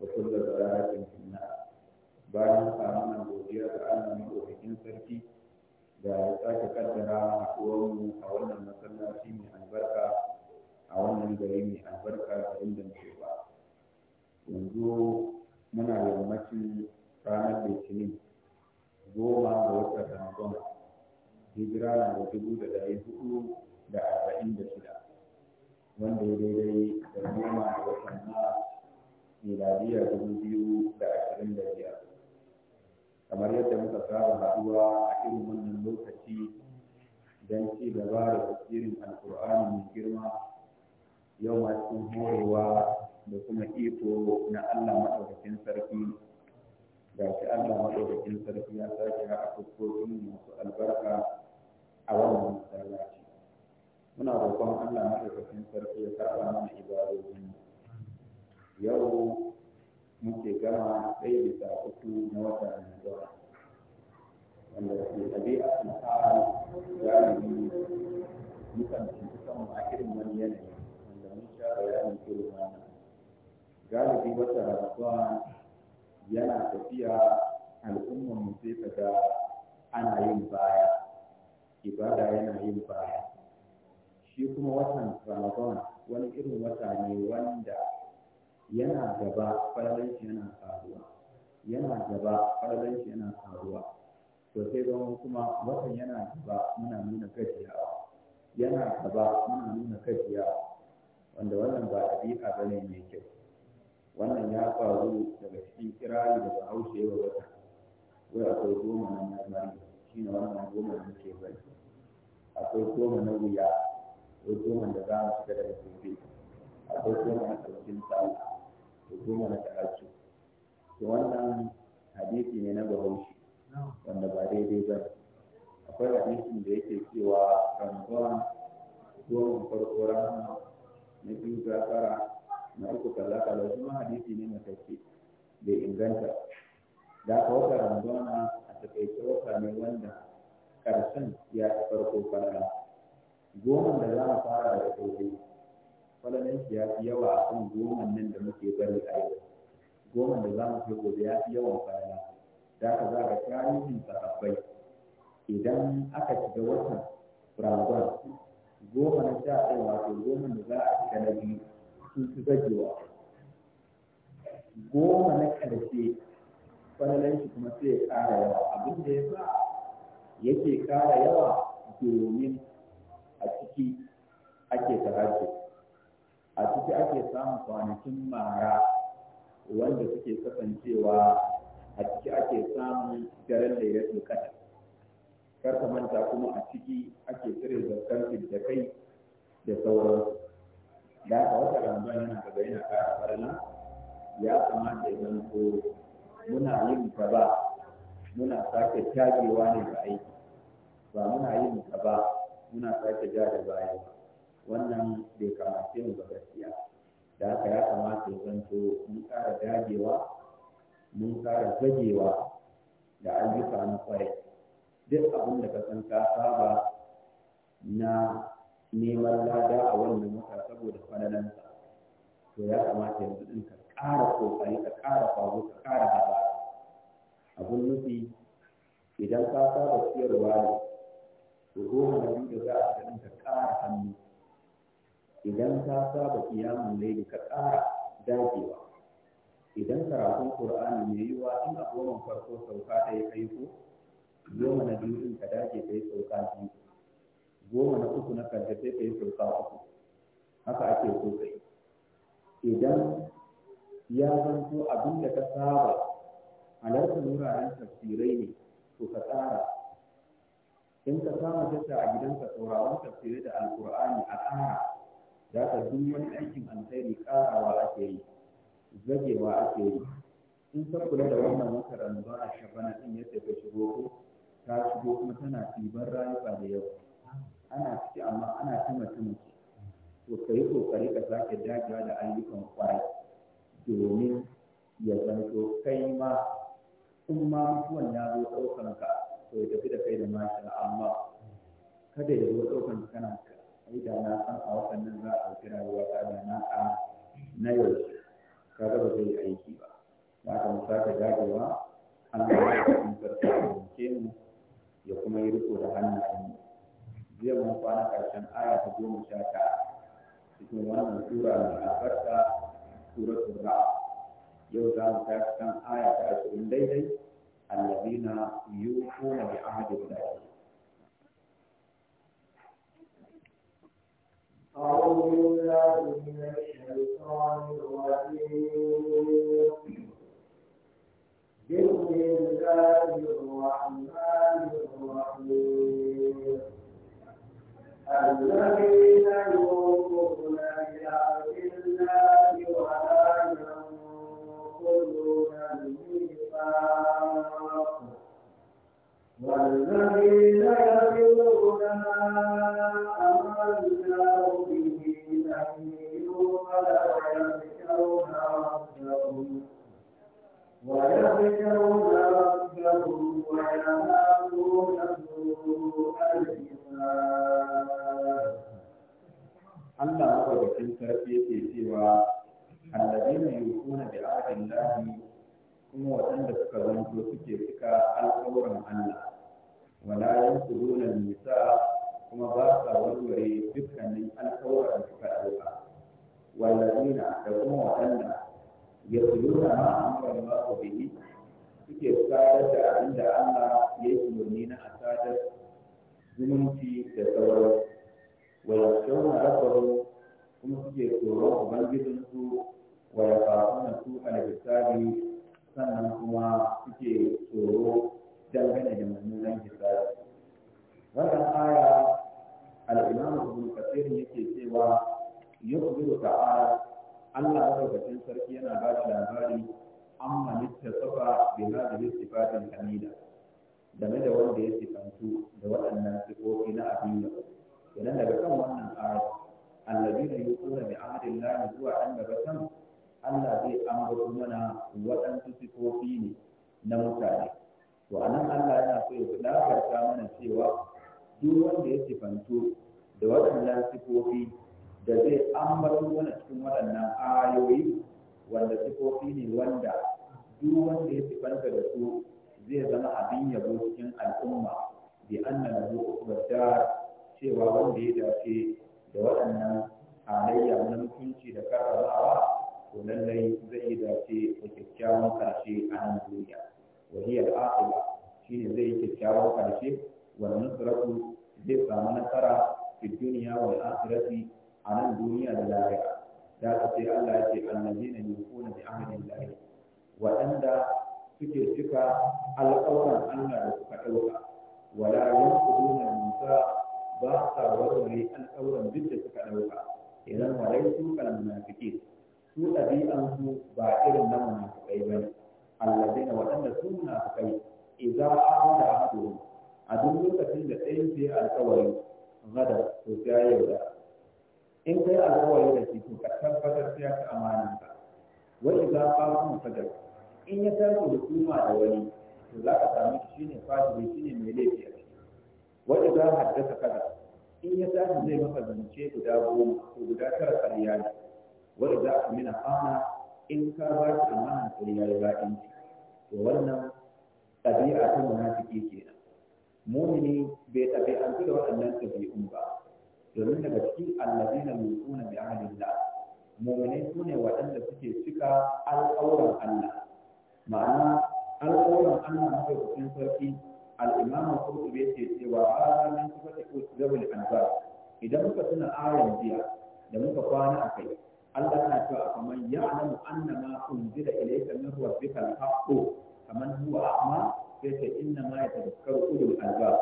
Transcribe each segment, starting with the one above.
وكل ضلالة في النار bayan samunan godiya ga Allah maɗaukakin sarki da ya sake kaddara haɗuwarmu a wannan masallaci mai albarka a wannan gari mai albarka da inda muke ba yanzu muna yammacin ranar litinin goma ga watan ramadan hijira na da dubu da ɗari hudu da arba'in da shida wanda ya daidai da goma ga watan mars miladiya dubu biyu da ashirin da biyar kamar yadda muka fara haɗuwa a irin wannan lokaci don ci gaba da tafsirin alkur'ani mai girma yau ma cikin horewa da kuma iko na allah maɗaukakin sarki ga shi allah maɗaukakin sarki ya sake a fuskokin masu albarka a wannan masallaci muna roƙon allah maɗaukakin sarki ya karɓa mana ibadojin mu yau muke gama ɗaya bisa uku na wata mai zuwa wanda ke ɗabi'a sun fara galibi mukan tuntu kanmu a irin wani yanayi wanda mun sha bayanin irin wannan galibi wata ramadan yana tafiya al'umma mu sai ga ana yin baya ibada yana yin baya shi kuma watan ramadan wani irin wata ne wanda yana gaba falalanci yana faruwa yana gaba falalanci yana faruwa to sai zama kuma watan yana gaba muna nuna gajiya yana gaba muna nuna gajiya wanda wannan ba ɗabi'a ba ne mai kyau wannan ya faru daga cikin kirari da haushe wa wata wai akwai goma na marmari shi ne wannan goma ne muke bari akwai goma na wuya akwai goma da za mu shiga daga gobe akwai goma na ɗaukin sallah da goma na tahajjud to wannan hadisi ne na bahaushe wanda ba daidai ba akwai hadisin da yake cewa ramadan goma farko rana na biyu gafara na uku kaza kaza kuma hadisi ne matacce bai inganta da aka wata ramadan a takaice wata ne wanda karshen ya fi farko fara goma da za a fara da daidai falalan shi ya fi yawa a kan goma nan da muke bari a yau goman da za mu kai gobe ya fi yawan falala da ka za ga tarihin sahabbai idan aka shiga watan ramadan goma na sha ɗaya wato goma da za a shiga na biyu sun fi zagewa goma na ƙarshe falalan shi kuma sai ya ƙara yawa abin da ya sa yake ƙara yawa domin a ciki ake tarajin a ciki ake samun kwanakin mara wanda suke kasancewa a ciki ake samun daren da ya kada kar manta kuma a ciki ake cire zakar da kai da sauran da aka wata ramadan yana gaba yana kara farina ya kamata ya zanto muna yin ba. muna sake tagewa ne ga aiki ba muna yin ba. muna sake ja da baya ba wannan bai kamace mu ba gaskiya da haka ya kamata ya zanto mun ƙara dagewa mun ƙara gajewa da ayyuka na kwarai duk abin da ka san ka saba na neman lada a wannan wata saboda falalansa to ya kamata yanzu din ka ƙara kokari ka ƙara fago ka ƙara haɗa. abin nufi idan ka saba siyarwa ne to goma na biyu da za a ka ƙara hannu idan ka saba kiyamun laili ka ƙara dagewa idan karatun qur'ani ne yiwa in a goma farko sauka ɗaya kai ko goma na biyu in ka dage kai sauka biyu goma na uku na karshe sai ka yi sauka uku haka ake so kai idan ya zanto abin da ka saba halartar wuraren tafsirai ne to ka tsara in ka samu tattara a gidanka sauraron tafsirai da alkur'ani a tsara za ka duk wani aikin alkhairi karawa ake yi zagewa ake yi in ka kula da wannan wata ranuwa a shabana din yadda ta shigo ko ta shigo kuma tana ɗiban rayuka da yau ana ciki amma ana tuna tuna to ka yi kokari ka sake dagewa da ayyukan kwarai domin ya zanto kai ma in ma mutuwan ya zo ɗaukan ka to ya tafi da kai da mashi amma kada ya zo ɗaukan kana aida na san a waɗannan za a ɗauki rayuwa ta da na a na yau ka ga ba zai yi aiki ba da aka mu saka jagewa an ga wani sarki mu ya kuma yi riko da hannayen jiya mun kwana ƙarshen aya ta goma sha ta cikin wannan sura mai albarka suratul ra'a yau za mu tashi kan aya ta ashirin daidai allazina yuquna bi ahdi llahi أعوذ بالله من الشيطان الرجيم بسم الله الرحمن الرحيم الذين يؤمنون بآيات الله ولا ينقضون الميثاق والذين يبلغون ما أمر ويخشون ربهم ويخشون ربهم ويخافون سوء الحساب Allah madaukakin sarki yake cewa allazina yukuna bi ahdillahi kuma waɗanda suka zanto suke cika alƙawuran Allah wala yanquduna nisa kuma ba sa warware dukkanin alƙawuran suka ɗauka wallazina da kuma waɗanda ya fi yuna ma amfan ba ku bihi suke sadar da abin Allah ya yi umarni na asadar zumunci da sauransu wallazina da kuma suke tsoron ubangijinsu to guda tara ƙarya ne za a mina fama in ka ba shi amana ƙarya ya ba'inci to wannan ɗabi'a ta munafiki kenan mumini bai ɗabi'antu da waɗannan ɗabi'un ba domin daga cikin allazina yusuna bi ahdillah mu'minai sune waɗanda suke cika alƙawuran Allah ma'ana alƙawuran Allah mafi kusin sarki al-imam al-qurtubi yake cewa hada min ta usul al-anfar idan muka tuna ayan jiya da muka kwana a kai Allah na cewa kaman ya'lamu annama unzila ilayka min rabbika al-haqqu kamar huwa amma sai ce inna ma yatadhakkaru ulul albab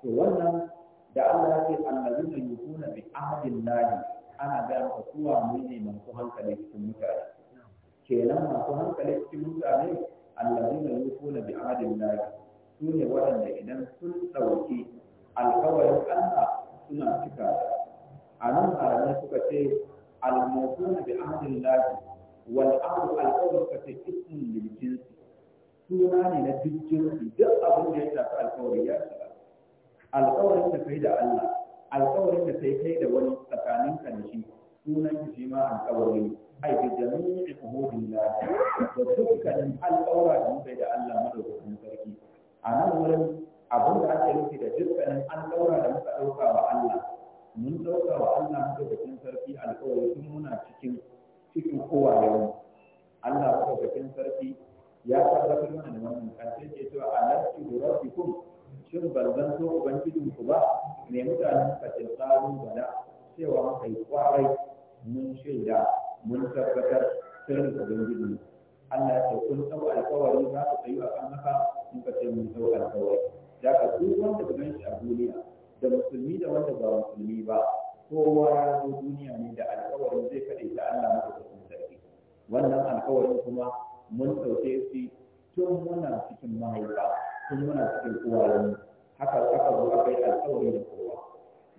to wannan da Allah ya ce allazina yufuna bi ahdillahi ana ga maka kuwa mu ne ku hankali cikin mutane kenan ku hankali cikin mutane allazina yufuna bi ahdillahi su ne waɗanda idan sun ɗauki alkawarin Allah suna cika a nan malamai suka ce al-mawquna bi ahdin lahi wal ahdu ka ce ismun lil suna ne na duk jinsi duk abin da ya shafi alkawari ya shiga alkawarin da kai da Allah alkawarin da kai kai da wani tsakanin tsakaninka da shi sunan shi ma alkawari ne ai bi jami'i uhudillah da dukkanin alƙawara da muka yi da Allah madaukakin sarki a nan wurin abin da ake nufi da dukkanin an daura da muka dauka wa Allah mun ɗauka wa Allah muka kin sarki alƙawari tun muna cikin cikin kowa yau Allah muka kin sarki ya tabbatar mana da wannan kace ke cewa alastu bi rabbikum shin ban zan so ubangijin ku ba ne mutanen ka ce tsarin bala cewa muka yi kwarai mun shaida mun tabbatar sirrin ubangijin Allah ya ce kun tsawo alƙawari za ku tsayu a kan haka muka ce mun tsawo alƙawari da ka duk wanda ka ganshi a duniya da musulmi da wanda ba musulmi ba kowa ya zo duniya ne da alkawarin zai kaɗe ta Allah sun sarki wannan alkawari kuma mun ɗauke shi tun muna cikin mahaifa tun muna cikin uwayen haka aka zo aka yi alkawari da kowa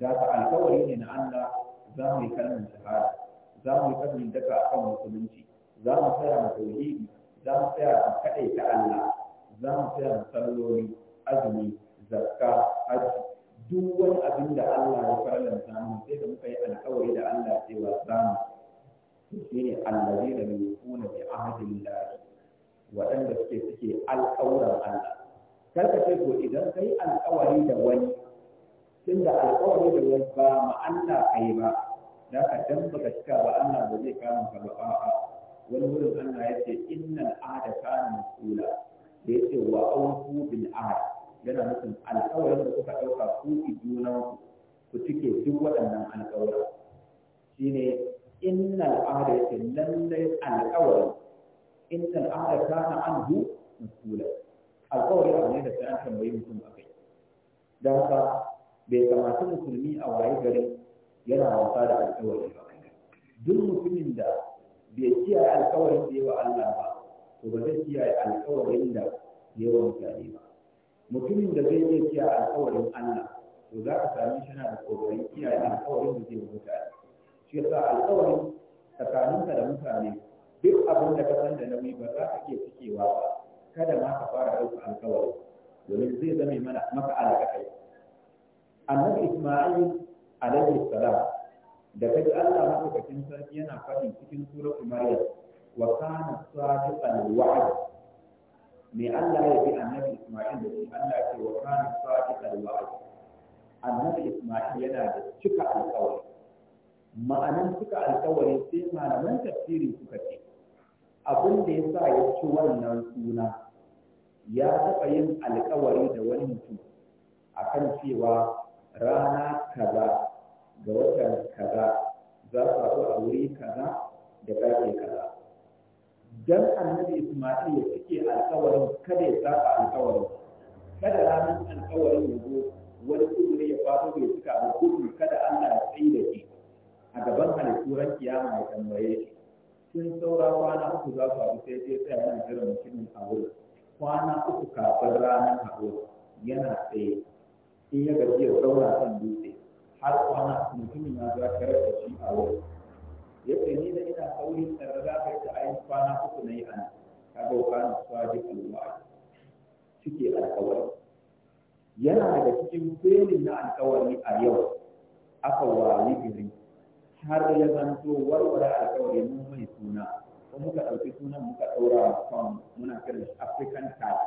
da ka alkawari ne na Allah za mu yi kalmar shahada za mu yi kalmar daka akan musulunci za mu tsaya mu tauhidi za mu tsaya mu kaɗe ta Allah za mu tsaya mu salloli azumi zakka aji, duk wani abin da Allah ya farlanta mu sai da muka yi alƙawari da Allah cewa za mu shi allazi da mai kuna bi ahadin waɗanda suke suke alƙawuran Allah kar ka ce ko idan kai alƙawari da wani da alƙawari da wani ba ma Allah kai ba da ka dan baka cika ba Allah ba zai kama ka ba a'a wani wurin Allah ya ce innal ahda kana mas'ula da yace wa awfu bil ahd yana nufin alƙawarin da kuka ɗauka ku ki juna ku cike duk waɗannan alƙawarin shine al'ada ya yake lallai alƙawarin innal na an bu masula alƙawari abu ne da sai an tambayi mutum a kai don haka bai kamata musulmi a waye gari yana wasa da alƙawari ba duk mutumin da bai kiyaye alƙawarin da yawa Allah ba ko ba zai kiyaye alƙawarin da yawa mutane ba mutumin da zai iya kiyaye alƙawarin Allah to za ka sami shi da kokarin kiyaye alƙawarin da zai mutane shi yasa alƙawarin tsakaninka da mutane duk abin da ka san da nauyi ba za ka iya cikewa ba kada ma ka fara ɗauka alƙawari domin zai zame mana maka alaƙaƙai annabi isma'il alaihi salam da kaji Allah madaukakin sarki yana faɗin cikin suratul maryam wa kana sadiqan wa'd Mai Allah ya fi annabi Isma'il da shi Allah ce wa kana sadiqal wa'd annabi Isma'il yana da cika alƙawari ma'anan cika alƙawari sai malaman tafsiri suka ce abin da ya sa ya ci wannan suna ya taɓa yin alƙawari da wani mutum kan cewa rana kaza ga watan kaza za su a wuri kaza da ƙarfe kaza dan annabi Isma'il ya cike alƙawarin kada ya saba alƙawarin kada ranar alƙawarin ya zo wani kudure ya faɗo bai cika ba kada Allah ya tsayi da shi a gaban halitturan kiyama ya tambaye shi sun saura kwana uku za su abu sai sai tsaya yana jiran mutumin a kwana uku kafin ranar haɗo yana tsaye in ya gaji ya zauna kan dutse har kwana mutumin ya zo ya da shi a wurin ya ce ni da ina saurin tsara za ka ta ayi kwana uku na yi a nan ka ga kwana sadi alwa'ad suke alkawari yana da cikin felin na alkawari a yau aka wari gari har ya zanto warware alkawari mun mai suna ko muka ɗauki sunan muka ɗaura kan muna kiran African Cat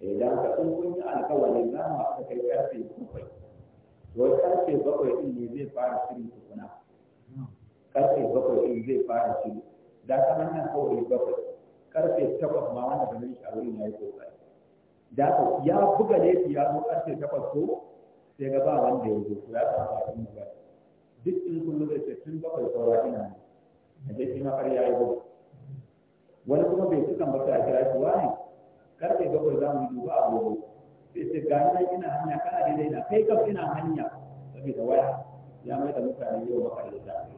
idan eh, ka ɗin kun yi alkawari za mu aka kai ƙarfe bakwai to ƙarfe bakwai ɗin ne zai fara shirin tukuna karfe bakwai ɗin zai fara shiru da ta hanyar kawai bakwai karfe takwas ma wanda ba shi a ya yi kokari da ka ya buga laifi ya zo karfe takwas ko sai ga ba wanda ya zo ko ya samu cikin da duk in kun lura da tun bakwai saura ina ne a je shi ma har ya yi buga wani kuma bai ci kan bakwai a kira shi wani karfe bakwai za mu yi duba a gobe sai ce ga nan ina hanya kana daidai na kai kaf ina hanya saboda waya ya mai da mutane yau ba da zafi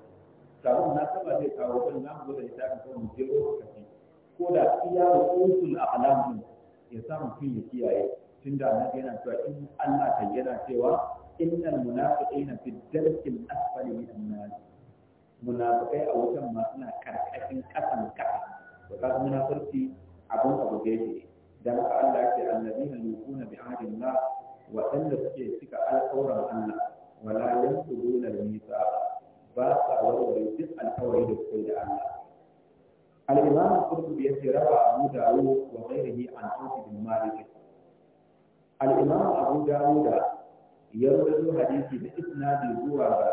sabon na saba zai kawo kan na mu da littafin kan mu jero kafi ko da iya usul a'lam din ya samu mutum ya kiyaye tunda annabi yana cewa in Allah kan yana cewa innal munafiqina fi dalkil asfali minan nar munafiqai a wutan ma suna karkashin kasan kasa to kaga munafurci abun abu da yake dan haka Allah ya ce na yuquna bi ahdillah wa suke cika alƙawarin Allah wala yanquduna al-mithaqa ba sa warware duk alkawari da suka yi da Allah al-imam al-qurtubi yace rawa abu dawud wa ghayrihi an anas bin malik al-imam abu dawud ya rawaito hadisi da isnadi zuwa ga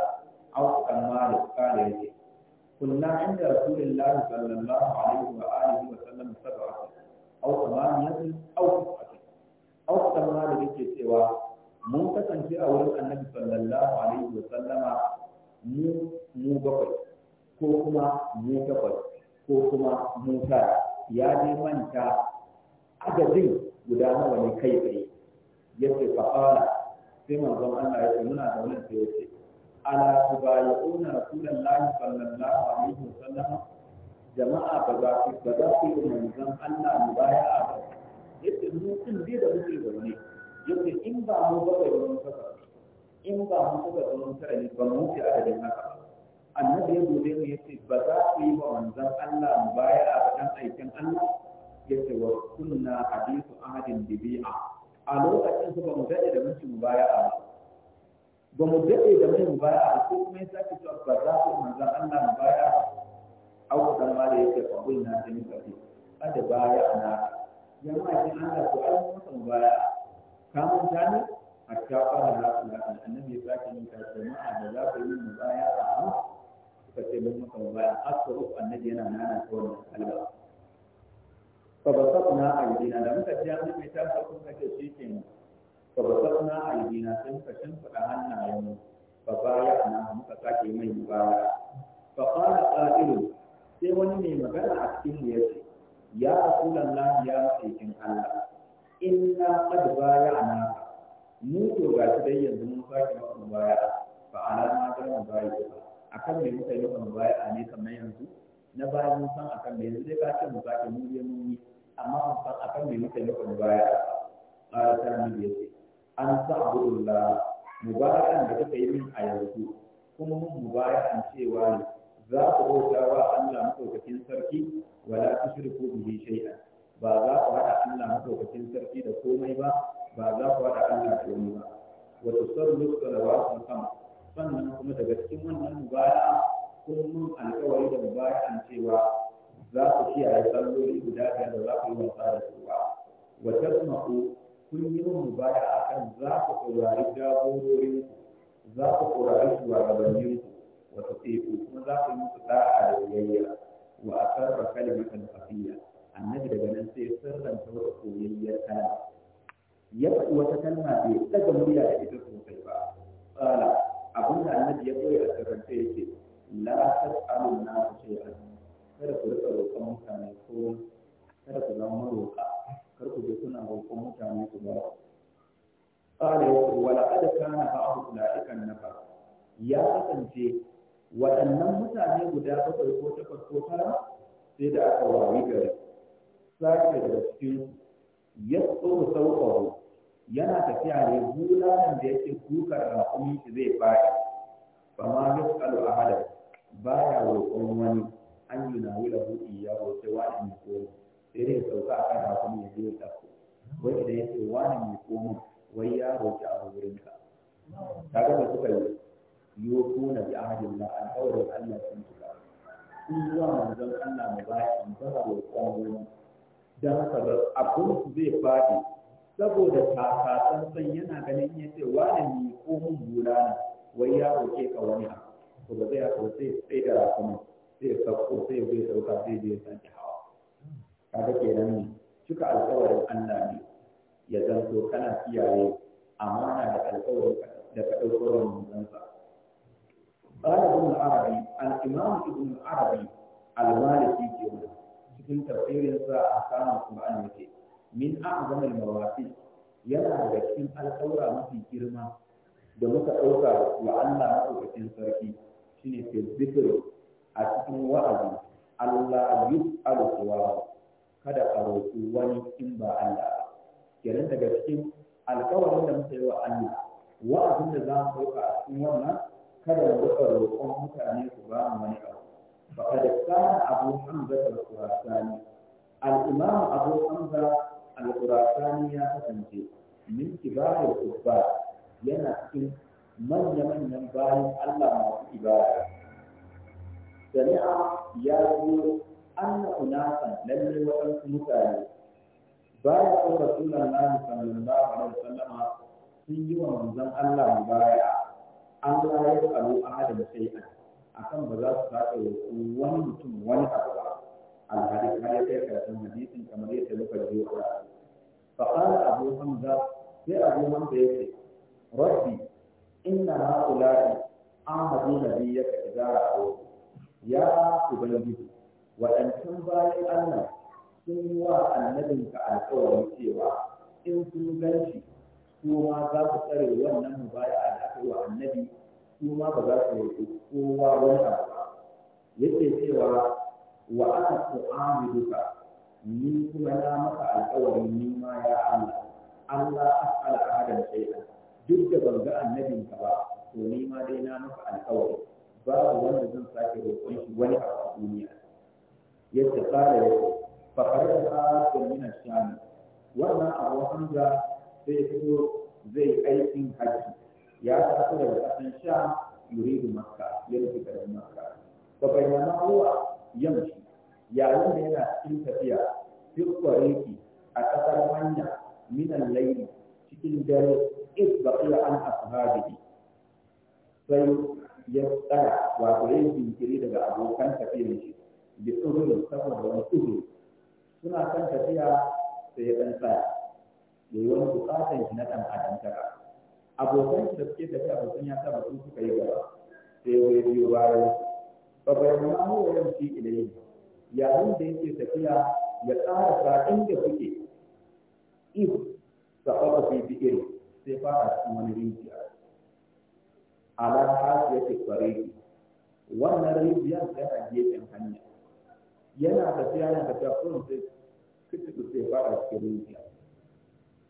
abu kan malik kana yace kunna inda rasulullah sallallahu alaihi wa alihi wa sallam sab'a aw thamaniyat aw tis'at aw kan malik yace cewa mun kasance a wurin annabi sallallahu alaihi wa sallama mu mu bakwai ko kuma mu takwas ko kuma mu tara ya dai manta adadin guda nawa ne kai tsaye ya ce fa'ala sai manzon Allah ya ce muna da wannan sai ya ce ala tubayyuna rasulullahi sallallahu alaihi wasallam jama'a ba za su ba za su yi manzon Allah mu baya a ba yace mu din dai da muke zaune yace in ba mu ba mu takwas in ba mu kuka tsaron tara ne ba mu ce aka din haka annabi ya dube mu yace ba za ku yi wa manzon Allah mu baya a bakan aikin Allah yace wa kunna hadithu ahadin bibi'a a lokacin su ba mu dade da mutum baya a ba Ba mu dade da mun baya a ko kuma yasa ki so ba za ku manzon Allah mu baya a ko dan mare yace fa kunna da mu kafi kada baya na jama'a kin Allah ku almu mu baya kamun ta ne hatta fara la ilaha annabi ya sake yin ta jama'a da za ku yi mu baya a mu ce mun maka baya asru annabi yana nana ta wannan kalma fa basatna da muka ji annabi ta sa kun kace shi kenan fa basatna aydina sai muka shimfida hannayen mu fa baya muka sake mai baya fa sai wani mai magana a cikin mu yace ya rasulullahi ya mutaikin Allah inna qad bay'ana mu ko ga shi dai yanzu mun sake maka baya fa alama da mu ba. akan me muka yi maka ne kamar yanzu na baya mun san akan me yanzu dai ka ce mu sake mu je mun yi amma mun san akan me muka yi maka baya ta mu ce. an ta'budullah mubarakan da kuka yi min a yanzu kuma mun mubayakan cewa ne za ku bauta wa Allah madaukakin sarki wala tushriku bihi shay'an ba za ku hada Allah madaukakin sarki da komai ba ba za ku haɗa Allah da wani ba da tusarru salawatun sama sannan kuma daga cikin wannan mubaya kun mun alƙawari da mubayan cewa za ku kiyaye salloli guda biyar da za ku yi wasa da su ba wa tasma'u kun yi mun mubaya akan za ku saurari jagororin za ku saurari shugabannin ku wa teku kuma za ku yi musu da'a da biyayya wa asarra kalimatan safiya annabi daga nan sai sirranta wata koyayyar kalma ya faɗi wata kalma bai daga murya da ita sosai ba tsala abin da annabi ya koya a karanta ya ce la tas'alun a shay'an kada ku rika roƙon mutane ko kada ku zama roƙa, kar ku je kuna roƙon mutane ku ba tsala ya ce wala kada kana ba'u ula'ikan ya kasance waɗannan mutane guda bakwai ko takwas ko tara sai da aka wawi gari sake da cikin ya tsoro sauƙaru yana tafiya ne bulalan da yake kukar raƙumin shi zai faɗi fama yas'alu ahada baya roƙon wani an yi na wula buɗi ya roƙe wani mai komo sai dai sauka a kan raƙumin ya je ta, ɗauko wai idan ya ce wani mai komo wai ya roƙe a wurin ka?" ta gaba suka yi na bi ahadin la alƙawarin Allah sun tuka in zuwa manzon Allah mu ba shi ba roƙon wani don haka ba su zai faɗi saboda taka san yana ganin ya ce wani ne ko mun bula ne wai ya roke ka wani ha to ba zai haka sai sai da rakuma sai ko sai zai dauka sai zai sake hawa ga kenan ne cika alƙawarin Allah ne ya zanto kana kiyaye amana da alƙawarin da ka ɗauko wa manzansa قال ابن العربي arabi ابن العربي المالكي كمان cikin tafsirin sa a kamun Qur'an yake min a'zamil mawaqit yana da cikin alƙawura mafi girma da muka ɗauka wa Allah madaukakin sarki shine fi zikr a cikin wa'azi Allah yus'alu suwa kada a roƙi wani in ba Allah kenan daga cikin alƙawarin da muka yi wa Allah wa'azin da za mu ɗauka a cikin wannan kada mu roƙon mutane su ba mu wani abu فقد كان أبو حمزة الخراساني الإمام أبو حمزة الخراساني يا فتنجي من كبار الكفار ينقل من يمن ينبال الله ما في إبادة سمع يقول أن أناسا لم يوقف مثالي بارك رسول الله صلى الله عليه وسلم في يوم من الله مبايع أن لا يسأل أحد شيئا akan ba za su sake roƙo wani mutum wani abu ba alhadis har ya kai karatun hadisin kamar yadda muka biyo a fa qala abu hamza sai abu hamza yace rabbi inna haula'i ahadu nabiyyaka idza ra'u ya ubangiji waɗancan bayan Allah sun yi wa annabinka alƙawari cewa in sun ganshi, shi kuma za ku tsare wannan mubaya'a da aka yi wa annabi kuma ma ba za su yi kowa wani abu yake cewa wa aka duka ni kuma na maka alƙawarin ni ma ya Allah Allah as'ala da shay'an duk da ban ga annabin ka ba to ni ma dai na maka alkawari babu wanda zan sake roƙon shi wani abu a duniya yadda tsara yake fa qara'ta kun min ash wannan abu hamza sai fito zai aikin hajji ya taso daga ƙasan sha yuridu makka ya rufe garin makka fa bayyana ruwa, yamshi yayin da yana cikin tafiya duk kwareki a ƙasar hanya minan laili cikin dare is baqiya an ashabihi sai ya tsaya wato yin jinkiri daga abokan tafiyar shi da tsoro saboda wani tsoro suna kan tafiya sai ya ɗan tsaya da yi wani bukatan shi na ɗan adantaka abokan da suke tafi abokan ya sa su suka yi gaba sai ya biyu bayan ba bayan ma'amuran shi ilayi yayin da yake tafiya ya tsara sa'in da kuke if sababa fi fi'il sai fara cikin wani rijiya ala hasiyati sariki wannan rijiyar yana gefen hanya yana tafiya yana tafiya kullum sai kuka sai fara cikin rijiya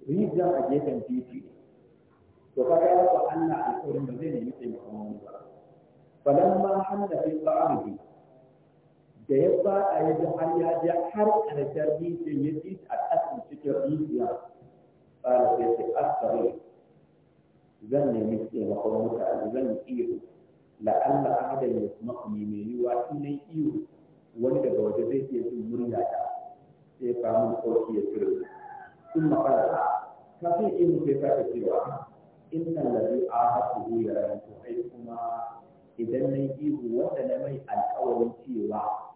rijiya a gefen titi to ya ba Allah alƙawarin ba zai nemi taimakon wani ba falan ma hanna fi ba'arhi da ya ba a yi har ya je har karshen rijiyar ya ci a ƙasan cikin rijiya ƙara sai ce asare zan nemi taimakon mutane zan yi iyo la'alla ahadan ya kuma kuma mai yiwa in nayi iyo wani daga waje zai iya jin murya ta sai ya kawo mun ya ya cire sun makara kafin iyo sai ka cewa inna a ahatuhu ya rabu kai kuma idan na ihu wanda na mai alkawarin cewa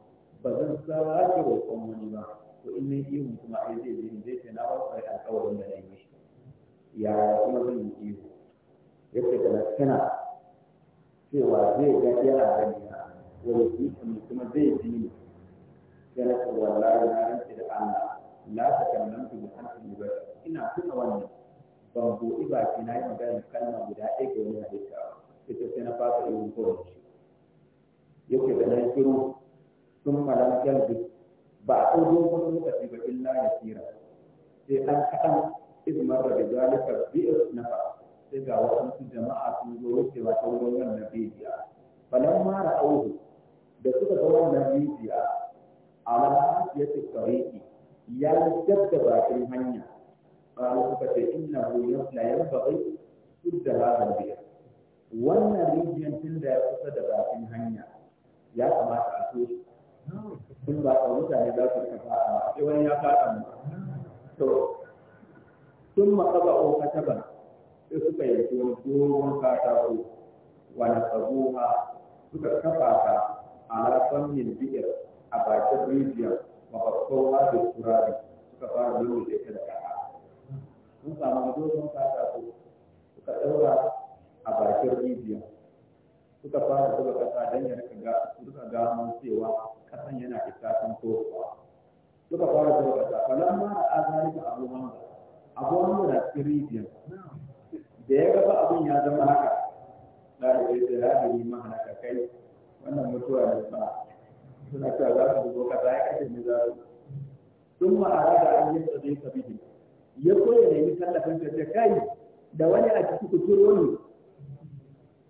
ba zan sarrafa roƙon wani ba to in na ihu kuma ai zai zai zai ce na ba su alƙawarin da na yi ya kuma zan yi ihu yadda da laskana cewa zai ga yana gani na wani ne kuma zai ji ni yana cewa wallahi na rantsi da Allah la ta kallantu bi ba ina tuna wannan ban buɗi ki na yi magana kalma guda ɗaya ga wani halitta ita sai na fasa irin kowane shi yake da nan kiro sun malam kyalbi ba a ɗau wani lokaci ba illa ya tsira sai an kaɗan izmar da zalika na ba sai ga wasu jama'a sun zo wucewa ta wurin na bibiya. falan mara auhu da suka ga wannan bidiya a lalata ya ce ya jaddaba bakin hanya قالوا فإنه لا ينبغي سد هذا البئر wannan rijiyar tun da ya kusa da bakin hanya ya kamata a toshe tun ba a mutane za su kafa a sai ya faɗa mu to sun makaba o kataban sai suka dogon katako wani tsagoha suka kafa a harafan a bakin rijiyar mafafkowa da turari suka fara lulluɗe ta duka samu dogon katako suka ɗaura a bakin rijiya suka fara zuba ƙasa don ya rika ga suka gano cewa ƙasan yana isa kan tofa suka fara zuba ƙasa falan ma na azali ga abu ba abu hamza na cikin rijiya da ya gaba abin ya zama haka yi da ma na kai wannan mutuwa da ba suna cewa za su zuba ƙasa ya kashe ne za su sun a da an yi tsaye ka ya koya yi tallafin ta ta kai da wani a cikin ku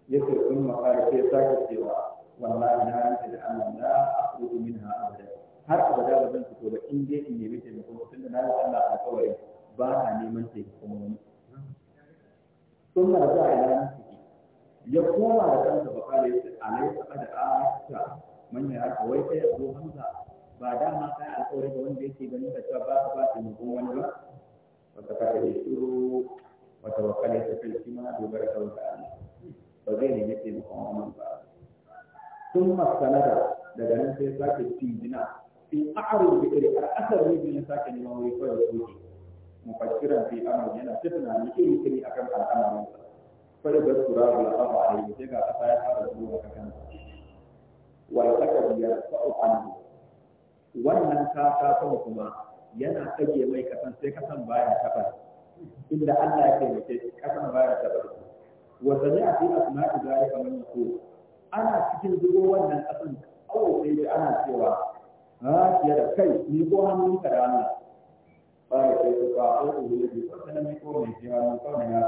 ya ce kun makara ya sake cewa wallahi na ranta da Allah la min ha abada har abada ba zan fito ba in dai in nemi taimako da na yi Allah a kawai ba na neman taimako wani sun mara za a yi ya koma da kansa ba kare ya ce alaisa da aisha manya haka sai kai ko hamza ba dama kai alƙawari ga wanda yake ganin ka cewa ba ka ba taimakon wani ba watakatili suru watawakali sefilkima dubaraka wataala bagaini nyeti mukamaman baa tumma sanada daga nan sai sake tijina fi aaru bi iri a asar ni bin sake ni mawai kwaya suji mufassiran fi amal yana fitna ni iri iri akan al'amarin sa kwaya ga sura wa lafafa a yi sai ga kasa ya fara zuwa daga kan wa ya saka biyar fa'u wannan ta ta kuma yana tsage mai kasan sai kasan bayan kafar inda Allah ya taimake kasan bayan kafar wa a fi asma'i zalika man yaqul ana cikin zubo wannan kasan awo sai da ana cewa ha ya da kai ni ko hannun ka da Allah ba ya kai ko ka ko ko ne ko kana mai ko mai jiya mun ko ne ba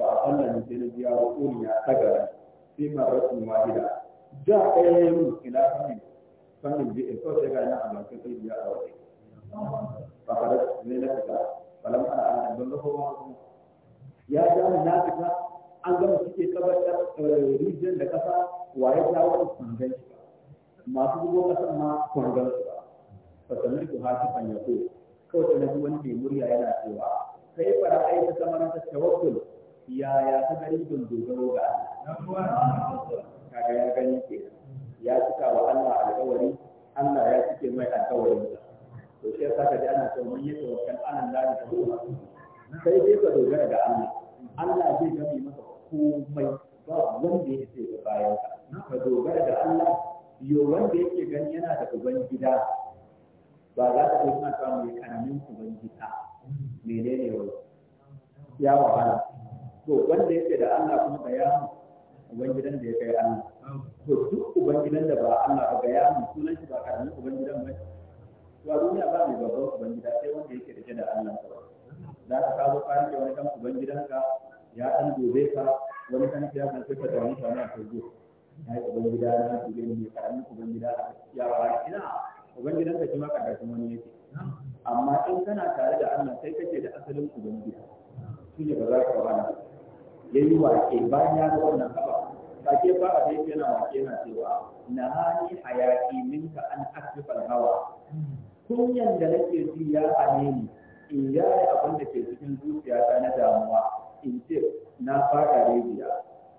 a sanna ni sai na biya ko ko ya tagara sai ma rasul wahida da ayyuhu ila fannin fannin bi'a ko sai ga na amanka sai biya a wajen ba ka rasu ne na fita don da kowa kuma ya ja ni na an gama suke kabar rijiyar da kasa waye ta wani kwangan ta ba masu zubo kasan ma kwangan su ba fasamin ku hati kan ya ko kawai na ji wani mai murya yana cewa kai fara aika samarin ta yaya ya gani ke ya wa Allah alƙawari Allah ya cike mai alƙawarin to shi yasa ka ji ana cewa man yake wakan anan da ta huwa sai dai ka dogara ga Allah Allah zai gami maka komai ba wanda ya ce ga bayan ka ka dogara ga Allah yo wanda yake gani yana da gida ba za ka kai kana samu mai karamin ubangida menene wani ya wahala to wanda yake da Allah kuma ga yamu gidan da ya kai Allah to duk gidan da ba Allah ba ga yamu sunan shi ba karamin gidan ba to a duniya ba mai babban ubangida sai wanda yake rike da Allah ka za ka kawo kayan da wani kan ubangidanka ya dan gobe ka wani kan ya kan sai ka da wani kana ka zo ya yi ubangida na gobe ne karamin ubangida ya ba ina ubangidanka shi ma karkashin wani yake amma in kana tare da Allah sai kake da asalin ubangida shi ne ba za ka wani ya yi wake bayan ya ga wannan haba sake ba a da yake yana wake yana cewa na hani hayaki minka an asifal hawa kunyan da nake ji ya ameni, ni in yi abin da ke cikin zuciya ta na damuwa in ce na fara rediya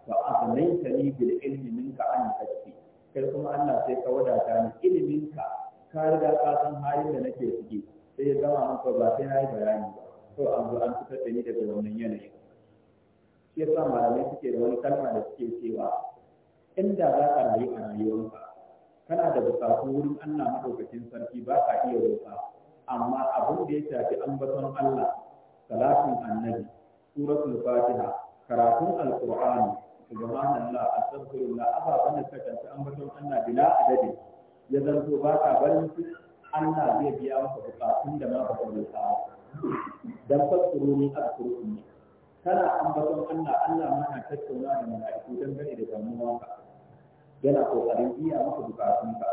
ba a hanaita ni bil ilmi ka an tafi kai kuma Allah sai ka wadata ni iliminka ka riga ka san halin da nake ciki sai ya zama maka ba sai na yi bayani ba to an zo an fitar da ni daga wannan yanayi shi yasa malamai suke da wani kalma da suke cewa inda za ka rayu a rayuwarka kana da bukatu wurin Allah madaukakin sarki ba ka iya roƙa amma abin da ya shafi ambaton Allah salatin annabi suratul fatiha karatun alqur'ani subhanallah astaghfirullah aba da suka ci ambaton Allah bila adadi ya zanto ba ka barin su Allah zai biya maka bukatun da ma ba ka roƙa dan fasuruni alqur'ani kana ambaton Allah Allah ma na tattauna da mala'iku gari da damuwanka yana kokarin iya maka bukatun ka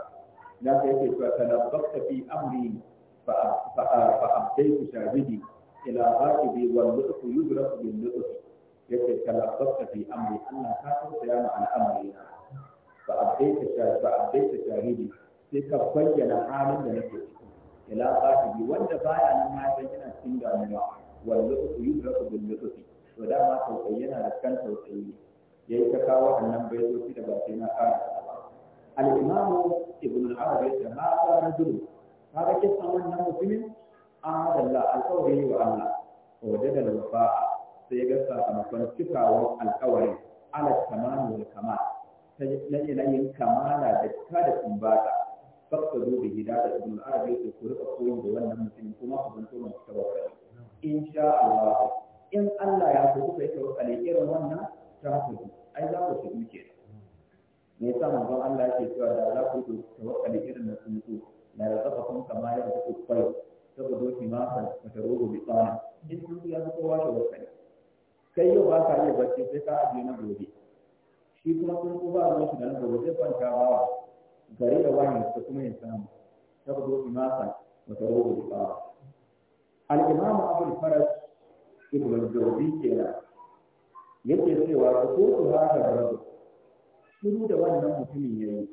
na ka yake cewa bakta fi amri fa fa fa ku shahidi ila ghaqibi wal lutu yudraku bil lutu yake kana bakta fi amri Allah ka ta tausaya ma amri na fa ku shahidi fa ku shahidi sai ka bayyana halin da nake ciki ila ghaqibi wanda baya nan ma sai yana cikin damuwa wal lutu yudraku bil lutu to dama tausayi yana da kan tausayi ya yi ta kawo wannan baitoci da ba sai na ƙara al-imamu ibn al-arabi ya ma ga rajulu kaga kisa wannan mutumin ahadallah alƙawari wa Allah da al-wafa'a sai ga sakamakon cikawar alƙawarin ala tamamu wal kamal ta yanayin kamala da cika da tumbata fakkadu da hidata ibn al-arabi ya ku rika koyi da wannan mutumin kuma ku zanto mai tawakkali insha Allah in Allah ya so kuka yi tawakkali irin wannan ta ku ai za ku tafi ke me yasa manzon Allah yake cewa da za ku tawakkali irin na tsuntsu la kun kama ya ku al-tayr saboda shi ma ka taruhu bi tsana in kun ya ku kowa tawakkali kai yau ba ka iya bacci sai ka ajiye na gobe shi kuma kun ku ba ruwan shi da na gobe zai kwanta bawa gari da wani ta kuma ya samu saboda shi ma ka taruhu bi tsana al-imam Abu al-Faraj ibn al-Jawzi kenan yake cewa ka ko su haka rabu shiru da wannan mutumin ya yi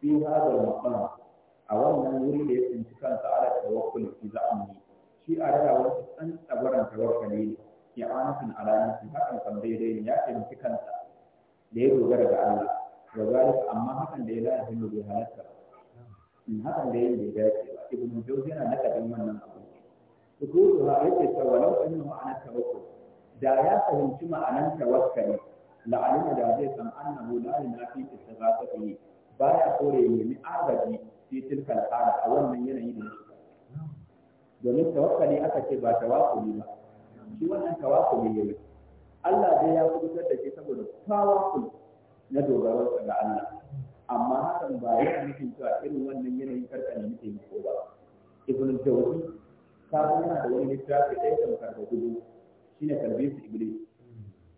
fi haka mutum a wannan wuri da ya tsinci kansa ala tawakkul fi za'amni shi a da wasu san tsabaran tawakkali ne ya anafin ala nafsi hakan kan daidai ne ya tsinci kansa da ya dogara ga Allah wa zalika amma hakan da ya la yahillu bi halatta in hakan da ya yi da ya ibnu jawzi yana nakadin wannan abu ko ko ha yake cewa walau annahu ala tawakkul da ya fahimci ma'anan tawakkali la'alima da zai san annahu la yunafi tawakkali baya kore ne ni agaji fi tilkal hala a wannan yanayi da yake domin tawakkali aka ce ba tawakkuli ba shi wannan tawakkuli ne Allah dai ya kubutar da shi saboda tawakkul na dogaro ga Allah amma hakan ba ya nufin cewa irin wannan yanayin karka nemi ko ba ibn tawfi ka yana da wani littafi ɗaya yake da gudu shine talbis iblis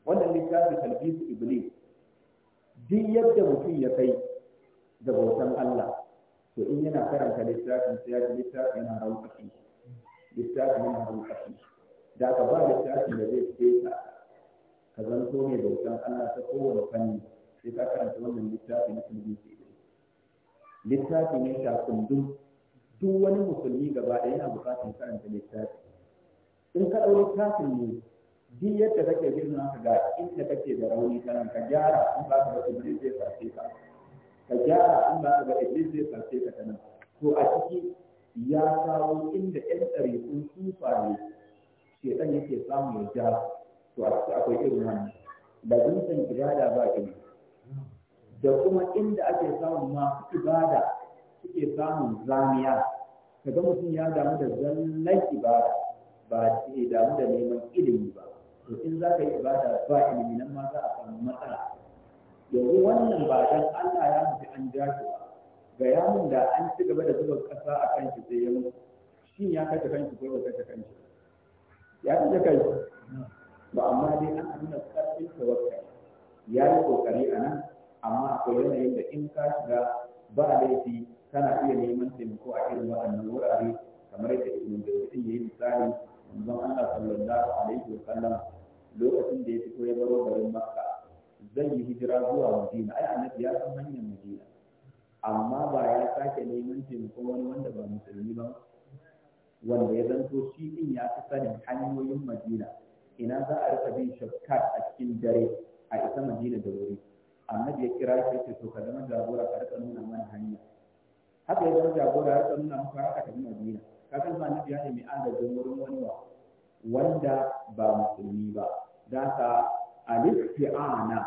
wannan littafin talbis iblis duk yadda mutum ya kai da bautan Allah to in yana karanta littafin sai ya littafin yana rauƙashi littafin yana rauƙashi da aka ba littafin da zai fice ka ka zanto mai bautan Allah ta kowane fanni sai ka karanta wannan littafin na talbis iblis Littafin ne shakundun duk wani musulmi gaba ɗaya yana buƙatar karanta littafi in ka ɗau littafin ne duk yadda kake girma ka ga inda kake da rauni kana ka gyara in ba ka ga iblis zai sarfe ka ka gyara in ba ka ga iblis zai sarfe ka kana to a ciki ya kawo inda ɗan tsare sun tufa ne shedan yake samu ya ja to a ciki akwai irin wannan da dutsen ibada ba ilimi da kuma inda ake samun masu ibada suke samun zamiya kaga mutum ya damu da zallan ibada ba ya damu da neman ilimi ba to in za ka yi ibada ba ilimi nan ma za a samu matsala yanzu wannan ba dan Allah ya mutu an ja shi ba ga yamin da an ci gaba da zuba kasa a kan shi sai ya mutu shi ya kashe shi ko ya kashe shi ya kashe ba amma dai an nuna karfin tawakkali ya yi kokari a nan amma akwai yanayin da in ka shiga ba laifi kana iya neman taimako a irin waɗannan wurare kamar yadda ibn Jawzi ya yi misali manzon Allah sallallahu alaihi wa sallam lokacin da ya fito ya baro garin makka zai yi hijira zuwa madina ai annabi ya san hanyar madina amma ba ya sake neman taimakon wani wanda ba musulmi ba wanda ya zanto shi din ya fi sanin hanyoyin madina ina za a rika bin shortcut a cikin dare a isa madina da wuri annabi ya kira shi ce to ka zama jagora ka rika nuna mana hanya haka ya zama jagora ya rika nuna maka haka tafi madina ka san annabi ya nemi adadin wurin wani wa wanda ba musulmi ba da ka alisti'ana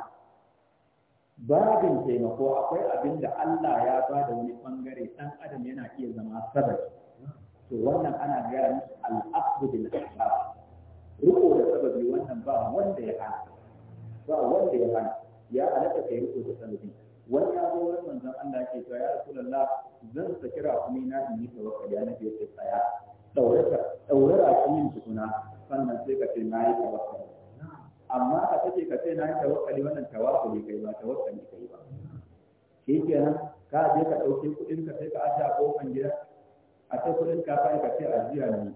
babin taimako akwai abin da Allah ya ba da wani bangare ɗan adam yana iya zama sababi to wannan ana gaya musu al'aqdu bil asbab riko da sababi wannan ba wanda ya hana ba wanda ya hana ya halatta kai riko da sababi wani ya zo wani manzon Allah ke cewa ya rasulullah zan saki rakumi na in yi tawakkali ya ke tsaya daurara daurara shi yin tukuna sannan sai ka ce na yi tawakkali amma a take ka ce na yi wakali wannan tawakkali kai ba tawakkali kai ba shi nan ka je ka ɗauki kuɗin ka sai ka aje a kofan gida a ce kudin ka fa ka ce ajiya ne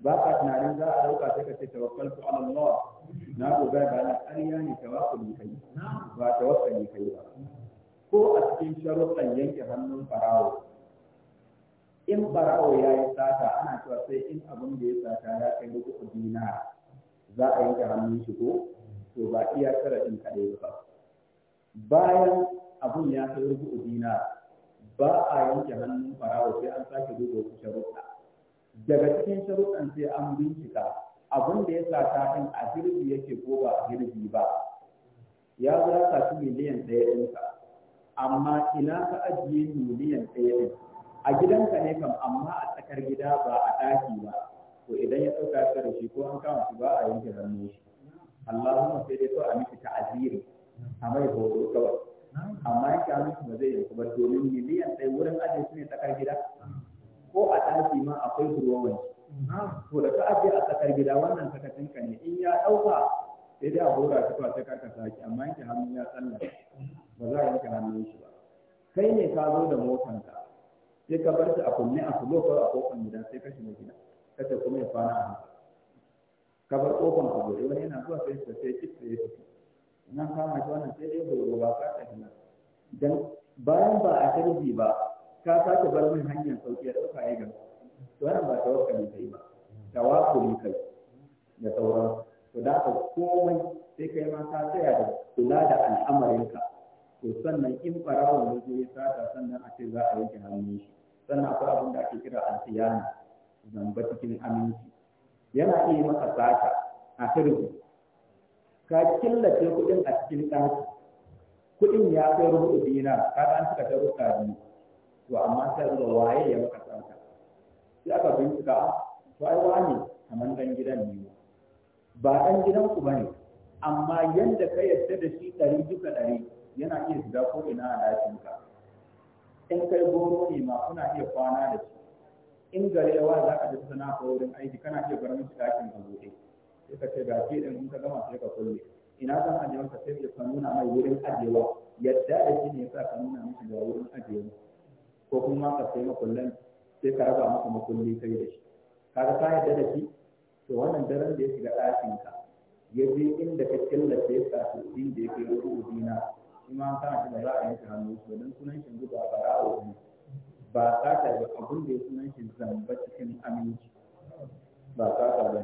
ba ka tunanin za a ɗauka sai ka ce tawakkaltu ala Allah na gobe ga na ƙarya ne tawakkali kai ba tawakkali kai ba ko a cikin sharuɗan yanke hannun farawo in farawo ya yi sata ana cewa sai in abin da ya sata ya kai rubu'u dinar za a yanke hannun shi ko to ba iya sharafin kaɗai ba bayan abun ya kai rubu dina ba a yanke hannun farawa sai an sake duba wasu sharuɗa daga cikin sharuɗan sai an bincika abun da ya sata kan a girbi yake ko ba a girbi ba ya zo ya miliyan ɗaya ɗinka amma ina ka ajiye miliyan ɗaya ɗin a gidanka ne kam amma a tsakar gida ba a ɗaki ba to idan ya ɗauka ta da shi ko an kama shi ba a yanke hannun shi Allahumma sai dai to a miki ta'aziri a mai horo kawai amma yanke ka miki ba zai yanku ba domin miliyan ɗaya wurin ajiye su ne tsakar gida ko a ɗaki ma akwai ruwan to da ka ajiye a tsakar gida wannan sakatinka ne in ya ɗauka sai dai a hora ta a tsakar ka saki amma yanke hannu ya tsalla ba za a yanke hannun shi ba kai ne ka zo da motanka sai ka bar ta a kunne a kulo ko a kofar gida sai ka shiga gida kada kuma ya kwana a haka ka bar kofan ka gobe wani yana zuwa sai ta sai kitse ya fita nan kama shi wannan sai dai gobe ba ka ta hina dan bayan ba a tarbi ba ka sake bar min hanyar sauki ya dauka ya gaba to wannan ba tawakkali kai ba tawakkuli kai da sauran to da ka komai sai kai ma ka tsaya da kula da al'amarinka to sannan in barawon ya zai sata sannan a ce za a yanke hannun shi sannan akwai abin da ake kira alfiyana zamba cikin aminci yana iya maka sata a firgi ka killace kuɗin a cikin ɗaki kuɗin ya kai rubutu dina ka ɗan cika ta rubuta biyu to amma sai zuwa waye ya maka sata sai aka bincika to ai wani kamar ɗan gidan ne ba ɗan gidan ku ne. amma yadda ka yarda da shi ɗari duka ɗari yana iya shiga ko ina a ɗakin ka in kai goro ne ma kuna iya kwana da shi in gare da wani za ka ji sana ko wurin aiki kana ce bar miki dakin a buɗe sai ka ce ga ke din in ka gama sai ka kulle ina zan aje ka sai ka nuna mai wurin ajiyewa yadda da shi ne sa ka nuna miki ga wurin ajiyewa ko kuma ka sai makullan sai ka raba maka makulli kai da shi kaga ka yadda da shi to wannan daren da ya shiga ɗakin ka ya je inda ka killace ka sa da ya kai wurin ubina kuma kana shi da za a ta hannu to dan sunan shi ba fara'a ne ba sata ba abin da ya sunan shi zamba cikin aminci ba sata ba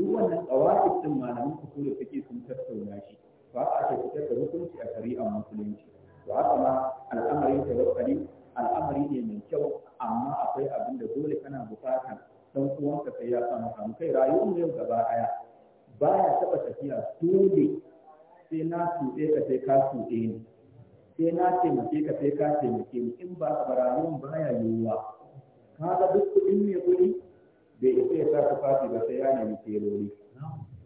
duk wannan kawai din malamin usul fiqh sun tattauna shi ba a ce fitar da hukunci a shari'ar musulunci to haka ma al'amarin wakali al'amari ne mai kyau amma akwai abin da dole kana bukata dan uwanka sai ya samu samu kai rayuwar mu yau gaba daya baya taba tafiya dole sai na tuɗe ka sai ka tuɗe ni sai na taimake ka sai ka taimake ni in ba ka barayin baya yiwuwa ka ga duk kuɗin mai kuɗi bai isa ya sa tufafi ba sai ya nemi teloli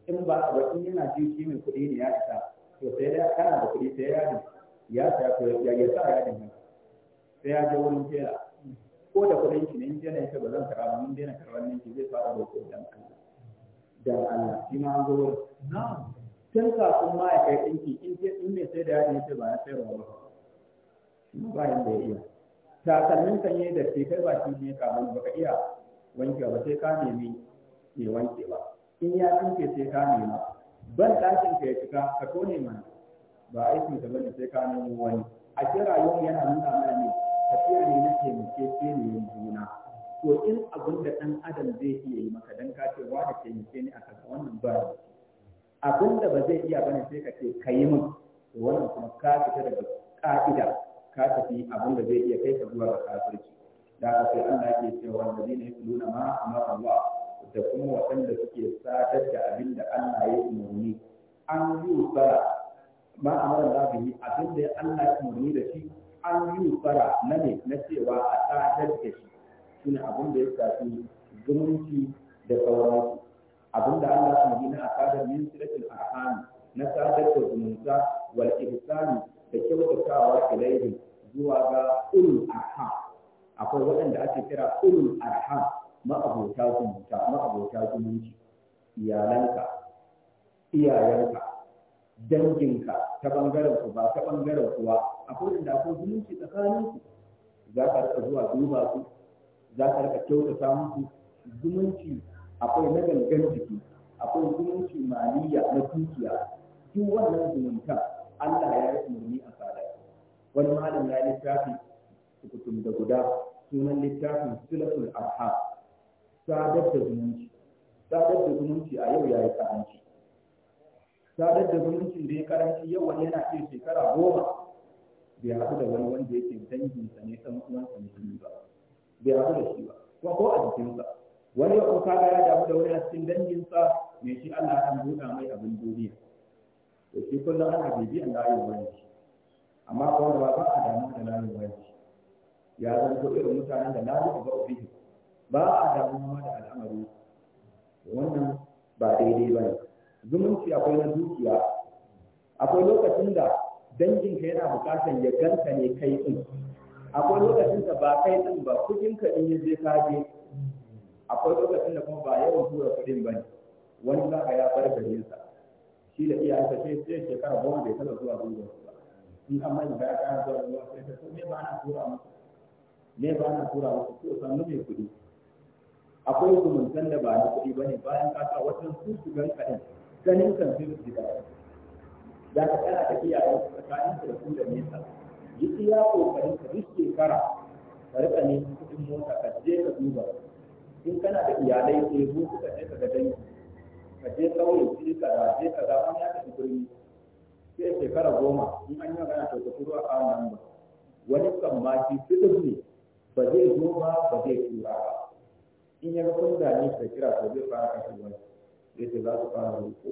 in ba ba in yana ji shi mai kuɗi ne ya isa to sai ya kana da kuɗi sai ya ya sa to ya ya sa ya dinga sai ya je wurin jera. ko da kuɗin shi ne in tela yake ba zan karɓa mun daina karɓar ninki zai fara da kuɗin dan Allah dan Allah shi ma an zo wurin na'am tun kafin ma ya kai ɗinki in mai sai da yadin ya ce ba ya ba ba ba yadda ya iya takalmin kan yi da ke kai baki ne ba ka iya wanke ba sai ka nemi ke wanke ba in ya tsinke sai ka nema ban ɗakin ka ya cika ka tone mana ba aikin ka bane sai ka nemi wani a ce rayuwar yana nuna mana ne tafiya ne na yin juna to in abin da ɗan adam zai iya yi maka dan ka ce wani taimake ne a kasa wannan ba abin da ba zai iya bane sai ka ce ka yi min wannan kuma ka fita daga ka'ida ka tafi abin da zai iya kai ka zuwa ga kafirci da ka sai Allah yake cewa allazina yakuluna ma amara Allah da kuma waɗanda suke sadar da abin da Allah ya umarni an yi usara ma amara Allah bihi abin da Allah ya umarni da shi an yi usara na ne na cewa a sadar da shi shine abin da ya shafi zumunci da sauransu abin da Allah ya umarni na a sadar min silatul arham na sadar da zumunta wal ihsani da kyautatawa ilaihi zuwa ga ulul arham akwai waɗanda ake kira ulul arham ma'abota zumunta ma'abota zumunci iyalanka iyayenka danginka ta bangaren ku ba ta bangaren kuwa akwai wanda akwai zumunci tsakaninku za ka rika zuwa duba su za ka rika kyautata musu zumunci akwai na gangan jiki akwai zumunci maliya na dukiya duk wannan zumunta Allah ya yi umarni a sadaka wani malam ya littafi tukutum da guda sunan littafin silatul arha sadar da zumunci sadar da zumunci a yau ya yi karanci sadar da zumuncin da ya karanci yau wani yana iya shekara goma bai haɗu da wani wanda yake danginsa ne san uwansa musulmi ba bai haɗu da shi ba kuma ko a jikinsa wani ya kuka ya damu da wani a cikin danginsa mai shi Allah ya buɗa mai abin duniya da shi kullum ana bibiyan layin wanki amma a wanda ba a damu da layin wanki ya zan ko irin mutanen da layin ba ubi ba a ma da al'amari wannan ba daidai ba ne zumunci akwai na dukiya akwai lokacin da danginka yana bukatar ya ganta ne kai din akwai lokacin da ba kai din ba kudin ka din je kaje akwai lokacin da kuma ba yawan tura kudin ba ne wani za ka ya bar sa shi da iya aka ce sai shekara goma bai taɓa zuwa gungun ba in an mai baya kara zuwa zuwa sai ta me ba na tura musu me ba na tura musu ko sannu mai kuɗi akwai zumuntan da ba na kuɗi ba ne bayan ka sa wajen su su gan kaɗan ganin kan sai su gida za ka tsara da iyayen su tsakanin da su da nesa yi iya kokarin ka duk shekara ka riƙa ne kuɗin mota ka je ka duba in kana da iyalai ɗebo suka je ka ga dangi ka je kauye ka da, je kaza wani ya tafi birni sai shekara goma in an yi magana to ka turo a nan ba wani kan ma ne ba zai zo ba ba zai tura ba in ya ga kun ne ka kira to zai fara kashe wani zai ce za ku fara roƙo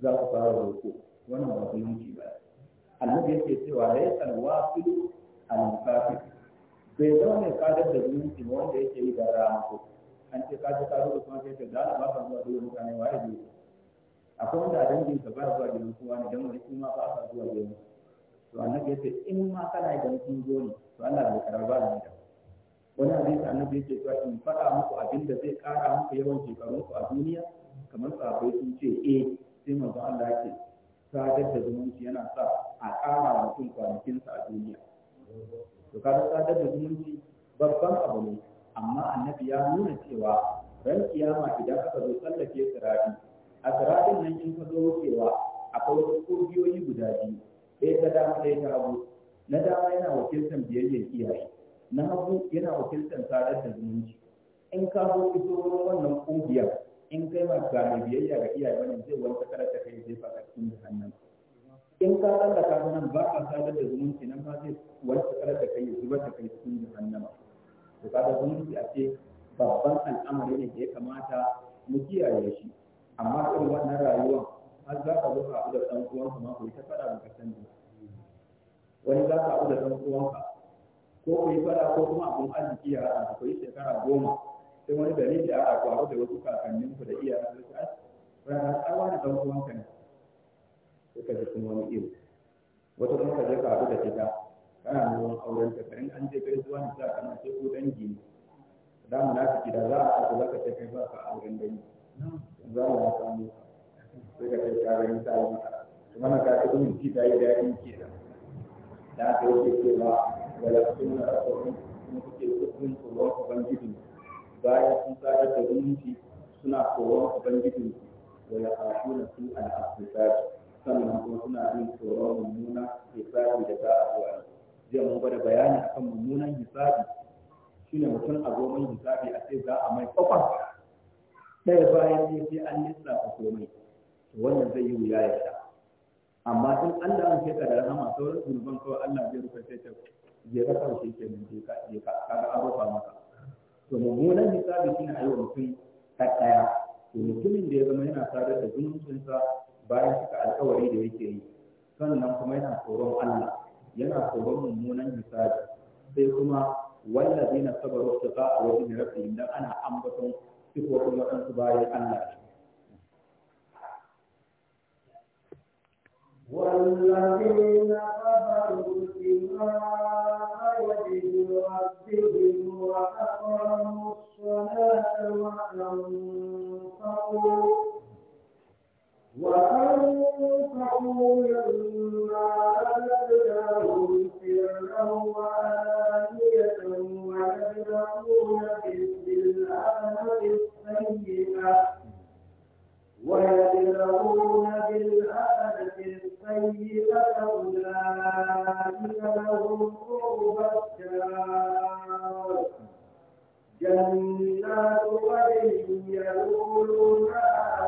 za su fara roƙo wannan ba zumunci ba annabi yake cewa laysa alwasilu al-fasiq bai zama mai kadar da zumunci wanda yake yi da ko an ce ka je ka kuma sai ka ga ba ka zuwa gidan mutane waye zai akwai wanda a dangin ka ba zuwa gidan kowa ne dan wani kuma ba ka zuwa gidan to annabi yace in ma kana da kun zo ne to Allah bai karaba ni da wani hadisi annabi yace to in faɗa muku abin da zai ƙara muku yawan shekarun ku a duniya kamar sahabbai sun ce eh sai manzo Allah yake sadar da zumunci yana sa a ƙara mutum kwanakinsa a duniya to kaga sadar da zumunci babban abu ne amma annabi ya nuna cewa ran kiyama idan aka zo tsallake sirari a sirarin nan in ka zo wucewa akwai wasu ƙungiyoyi guda biyu ɗaya ta dama ɗaya ta hagu na dama yana wakiltar biyayyar iyaye na hagu yana wakiltar sadar da zumunci in ka zo fito wurin wannan ƙungiyar in kai ma ga mai biyayya ga iyaye bane zai wanka da kai zai faɗa cikin jahannan in ka tsallaka nan ba ka sadar da zumunci nan ma zai wanka karanta kai ya zubar da kai cikin jahannama to kaga zumunci a ce babban al'amari ne da ya kamata mu kiyaye shi amma irin wannan rayuwar har za ka zo ka abu da ɗan uwanka ma ku yi ta faɗa da ka sani wani za ka abu da ɗan uwanka ko ku yi faɗa ko kuma abun arziki ya haɗa ku yi shekara goma sai wani dalili a haɗa ku da wasu kakanninku da iyayen su ai ranar ai wani ɗan uwanka ne sai ka ji kuma wani iri wata kuma ka je ka abu da ita kana neman auren ta karin an je kai zuwa ta kana ce ko dangi ne da mu naka gida za a ce zaka ce kai ba ka auren dangi za mu naka mu sai ka kai karin ta yi kuma na ka kudin mutum ta yi daɗin ke da aka yake cewa ga lafiyar da aka wani kuma kuke kudin ban ubangijin bayan sun sadar da zumunci suna tsoron ubangijin wa ya kafu na su al'afisar sannan kuma suna yin tsoron mummuna ke tsari da ta a zuwa zai mu gwada bayani akan mummunan hisabi shine mutum a goma hisabi a ce za a mai kwakwan sai bayan ne sai an lissafa komai wannan zai yi wuya ya sha amma in Allah an kai ka da rahama sauran zunuban kawai Allah zai rufe sai ta je ka kawo shi kenan je ka je ka kaga an rufa maka to mummunan hisabi shine yi wa mutum ta to mutumin da ya zama yana sadar da zumuncinsa bayan cika alkawari da yake yi sannan kuma yana tsoron Allah yana tsoron mummunan hisabi sai kuma wallazi na sabaru ta a wajen rafi idan ana ambaton sifofin waɗansu bayan Allah والذين كفروا بما أوجد ربهم وأقاموا الصلاة وأنفقوا وأن تقول لما أبدناهم سرا وآنية ويبدأون بالأمر السيئة ويبدأون بالأمر السيئة أولئك لهم قرب الدار جنات عدن يدخلونها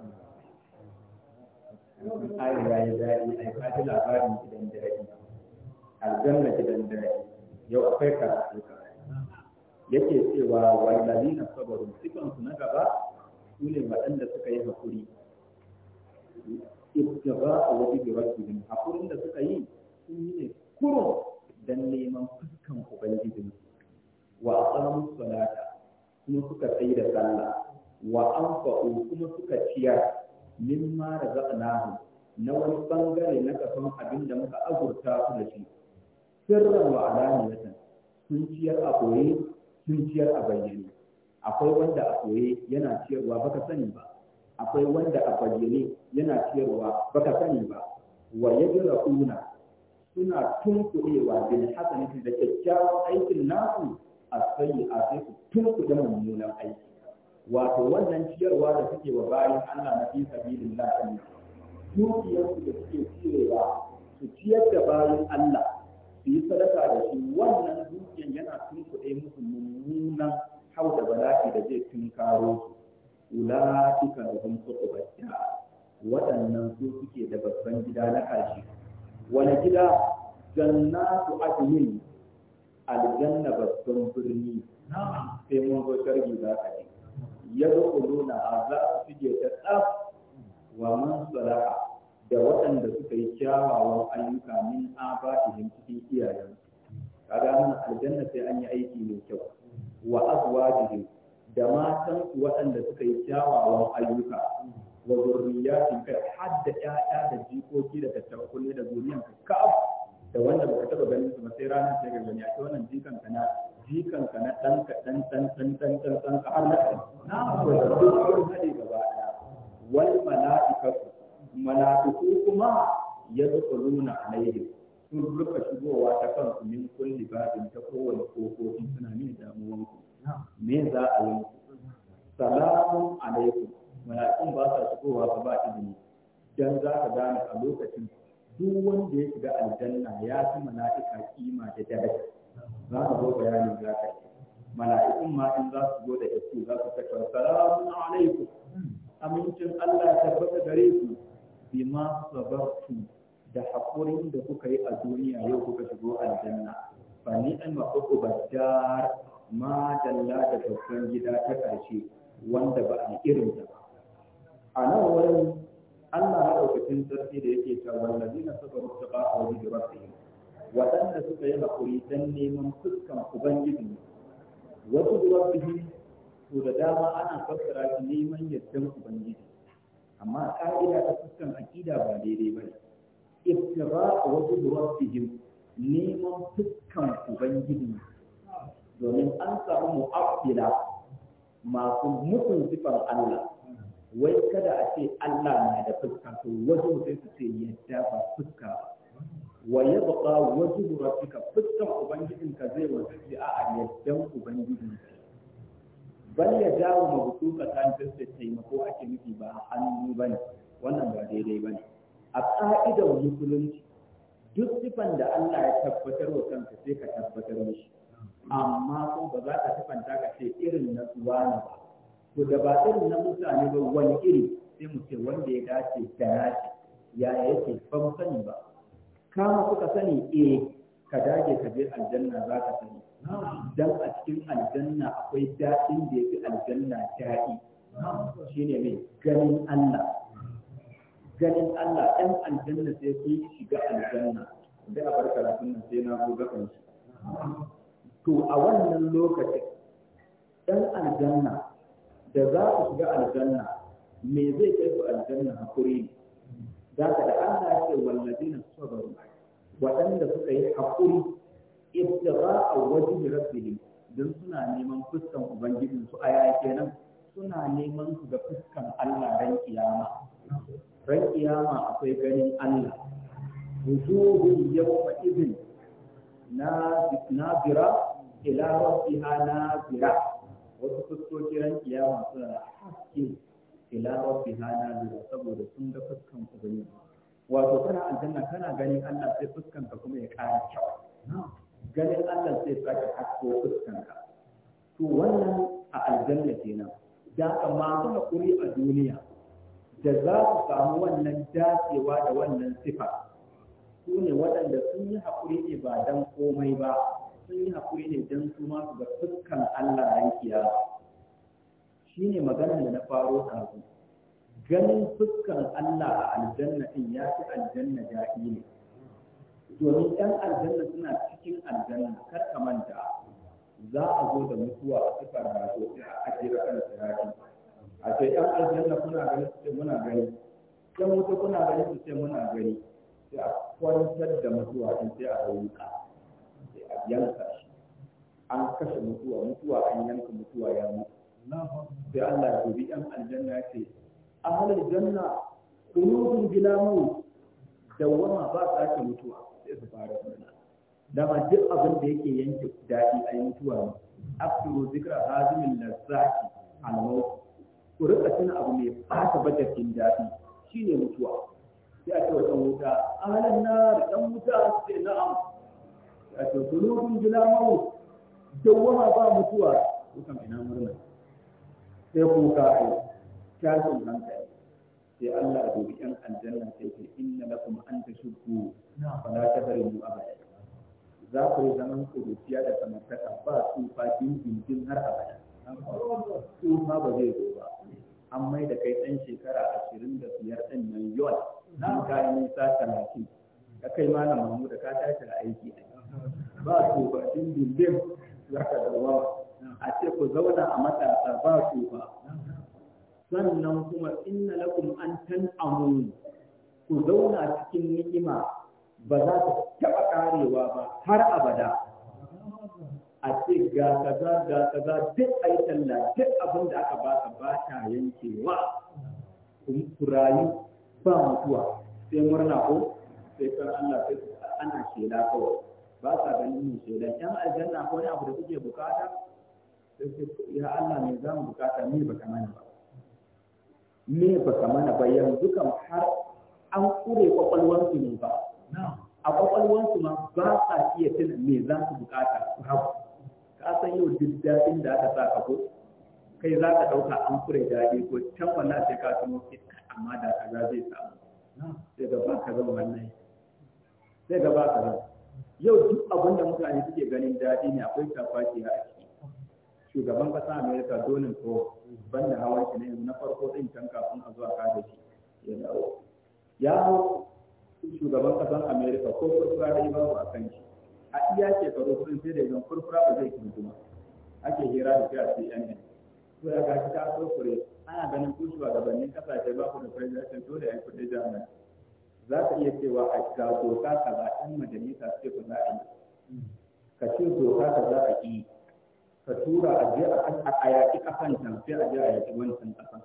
ai ya yi daɗi ai yi ji labarin gidan daɗi aljanna gidan daɗi yau akwai karatu yake cewa wallahi na sabaru sifan su na gaba su ne waɗanda suka yi hakuri ibtiba a wajen su ne, hakurin da suka yi sun yi ne kurun don neman fuskan ubangijin wa a samun salata kuma suka tsayi da sallah wa anfa'u kuma suka ciyar ma razaqnahu na wani bangare na kasan abin da muka azurta su da shi sirran wa alaniyatan sun ciyar a koye sun ciyar a bayyane akwai wanda a koye yana ciyarwa baka sani ba akwai wanda a bayyane yana ciyarwa baka sani ba wa yajra'una suna tunkuɗewa bil hasanati da kyakkyawan aikin nasu a sayi a sai su tunkuɗe mummunan aiki wato wannan ciyarwa da suke wa bayan Allah na fi sabilillah ne su da suke cirewa su ciyar da bayan Allah su yi sadaka da shi wannan dukiyar yana tunkuɗe musu mummunan hau da bala'i da zai tunkaro su ula'ika da hun kuɗu waɗannan su suke da babban gida na ƙarshe wani gida jannatu adnin aljanna babban birni sai mun zo sharhi za ka yadkhuluna za su fige ta tsaf wa man salaha da waɗanda suka yi kyawawan ayyuka min abatihim cikin iyayensu kaga mun aljanna sai an yi aiki mai kyau wa azwajihim da matan waɗanda suka yi kyawawan ayyuka wa zurriyatin kai hadda da da jikoki da tattaba da zuriyan ka ka'af da wanda baka taba ganin su ba sai ranar sai ga gani a wannan jikan ka na jikan ka na dan ka dan dan dan dan dan dan ka har na ko da duk wani hade gaba daya wal malaikatu malaiku kuma yadkhuluna alaihim sun rufe shigowa ta kansu min kulli babin ta kowane kofofi suna min damuwan ku me za a yi salamun alaikum mala'ikun ba sa shigowa ba ba izini dan za ka gane a lokacin duk wanda ya shiga aljanna ya fi mala'ika kima da daraja za a zo bayanin za ka yi mala'ikun ma in za su zo da isko za su ta kawo salamun alaikum amincin Allah ya bata gare ku bima sabartu da haƙurin da kuka yi a duniya yau kuka shigo aljanna fa ni an ma kuku bashar ma dalla da babban gida ta ƙarshe wanda ba a irin ta ba a nan wurin Allah maɗaukakin sarki da yake cewa wallazina sabaru taqa wa bi rabbihim waɗanda suka yi haƙuri don neman fuskan ubangiji wasu rabbihi to da dama ana fassara shi neman yardan ubangiji amma ka'ida ta fuskan aƙida ba daidai ba ne iftira wasu rabbihim neman fuskan ubangiji domin an samu mu'abbila masu mutum sifar Allah wai kada a ce Allah na da fuska to wasu sai su ce yadda ba fuska ba wa yabqa wajhu rabbika fuskan ubangijinka zai wanzu a yaddan ubangijinka bal ya dawo ma hukuka kan fista taimako ake nufi ba hannu ne, wannan ba daidai ne. a ka'idar musulunci duk sifan da Allah ya tabbatar wa kanka sai ka tabbatar mishi amma ko ba za ka sifanta ka ce irin na suwana ba to da ba irin na mutane ba wani iri sai mu ce wanda ya dace da ya yake ban sani ba kama kuka sani eh ka dage ka je aljanna za ka sani dan a cikin aljanna akwai daɗin da ya fi aljanna daɗi shine mai ganin Allah ganin Allah ɗan aljanna sai kun shiga aljanna da a bar karatun nan sai na goga kansu to a wannan lokacin ɗan aljanna da za ku shiga aljanna me zai kai ku aljanna hakuri ne za da Allah ce na sabaru waɗanda suka yi haƙuri a wajhi rabbihim dan suna neman fuskan ubangijin su aya kenan suna neman su ga fuskan Allah ran kiyama ran kiyama akwai ganin Allah wujuhun yawma idin na nazira ila rabbiha nazira wasu fuskoki ran kiyama suna haske ila rabbiha nadira saboda sun ga fuskan ubangiji wato kana aljanna kana ganin Allah sai fuskan ka kuma ya kara kyau ganin Allah sai saka hasko fuskan ka to wannan a aljanna kenan da amma masu hakuri a duniya da za su samu wannan dacewa da wannan sifa su ne waɗanda sun yi haƙuri ne ba don komai ba sun yi haƙuri ne don su ma su ga fuskan Allah ran kiyama Shi ne magana da na faro ɗazu ganin fuskan Allah a aljanna din ya fi aljanna daɗi ne domin ɗan aljanna suna cikin aljanna kar ka manta za a zo da mutuwa a sifar rago sai a ajiyar kan sirati a ce ɗan aljanna kuna gani su ce muna gani ɗan wuta kuna gani su ce muna gani sai a kwantar da mutuwa sun sai a rauka sai a yanka shi an kashe mutuwa mutuwa an yanka mutuwa ya mutu sai Allah gobe yan aljanna ya ce ahalar janna qulubun bila da wama ba sake mutuwa sai su fara murna dama duk abin da yake yanke daɗi a mutuwa ne afsiru zikra hazimin na zaki maut ku rika tuna abu mai fata bajar jin daɗi shine mutuwa sai a ce wa ɗan wuta ahalar na da ɗan wuta sai na'am a ce qulubun bila maut dawama ba mutuwa kukan ina murna sai kuka ai tashin hankali sai Allah da yan aljanna sai ce inna lakum an tashku fala tadrimu abada za ku yi zaman kuruciya da samartaka ba tsufa jinjin har abada ma ba zai zo ba an mai da kai ɗan shekara ashirin da biyar ɗin nan yawan na ka nisa talatin ka kai malam Mahmud da ka tashi da aiki ba tsufa jinjin za ka dawo a ce ku zauna a matasa ba su ba sannan kuma inna lakum an amun ku zauna cikin ni'ima ba za ta taɓa ƙarewa ba har abada a ce ga kaza ga kaza duk ai talla duk abin da aka baka ba ta yankewa ku rayu ba mutuwa sai murna ko sai kar Allah sai ana shela kawai ba sa ganin mu shela yan aljanna ko ne abu da kuke bukata sai ce ya Allah me za mu bukata me baka mana ba me baka mana ba yanzu kam har an kure kwakwalwansu ne ba a kwakwalwansu ma ba sa iya tuna me za su bukata su hau ka san yau duk daɗin da aka sa ka ko kai za ka ɗauka an kure daɗi ko can wala sai ka tuno iska amma da kaza zai samu sai ga ba ka zama wannan sai ga ba ka zama yau duk abin da mutane suke ganin daɗi ne akwai tafakiya a shugaban ƙasa america donald trump banda hawan shi ne na farko din can kafin a zuwa kada shi ya dawo ya hau shugaban ƙasar america ko furfura da ibabu a kan shi a iya shekaru kudin sai da idan furfura ba zai kuma ake hira da shi a cnn to ya gashi ta furfure ana ganin ku shugabannin kasashe ba ku da president dole ya yi kudi jami'a za ka iya cewa a ga doka ba in majalisa suke kula da a yi ka ce doka za a yi ka tura a je a yaƙi kafan can sai a je a yaƙi wancan kafan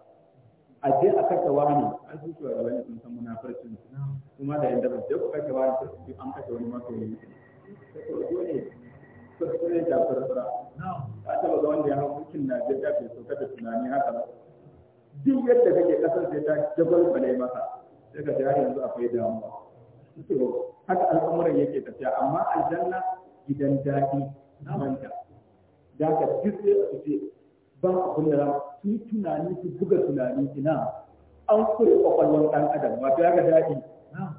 a je a kashe wani an su shuwa da wani sun san munafurcin kuma da yadda ba je ku kashe wani sai an kashe wani masoyi dole kuskure da furfura ka taba ga wanda ya hau mulkin Najeriya ke so kada tunani haka ba duk yadda kake ƙasar sai ta jabalbale maka sai ka ga yanzu akwai damuwa haka al'amuran yake tafiya amma aljanna gidan daɗi na manta da ka sai a ce ba abin da su tunani su buga tunani ina an kure kwakwalwar ɗan adam Ba ta ga daɗi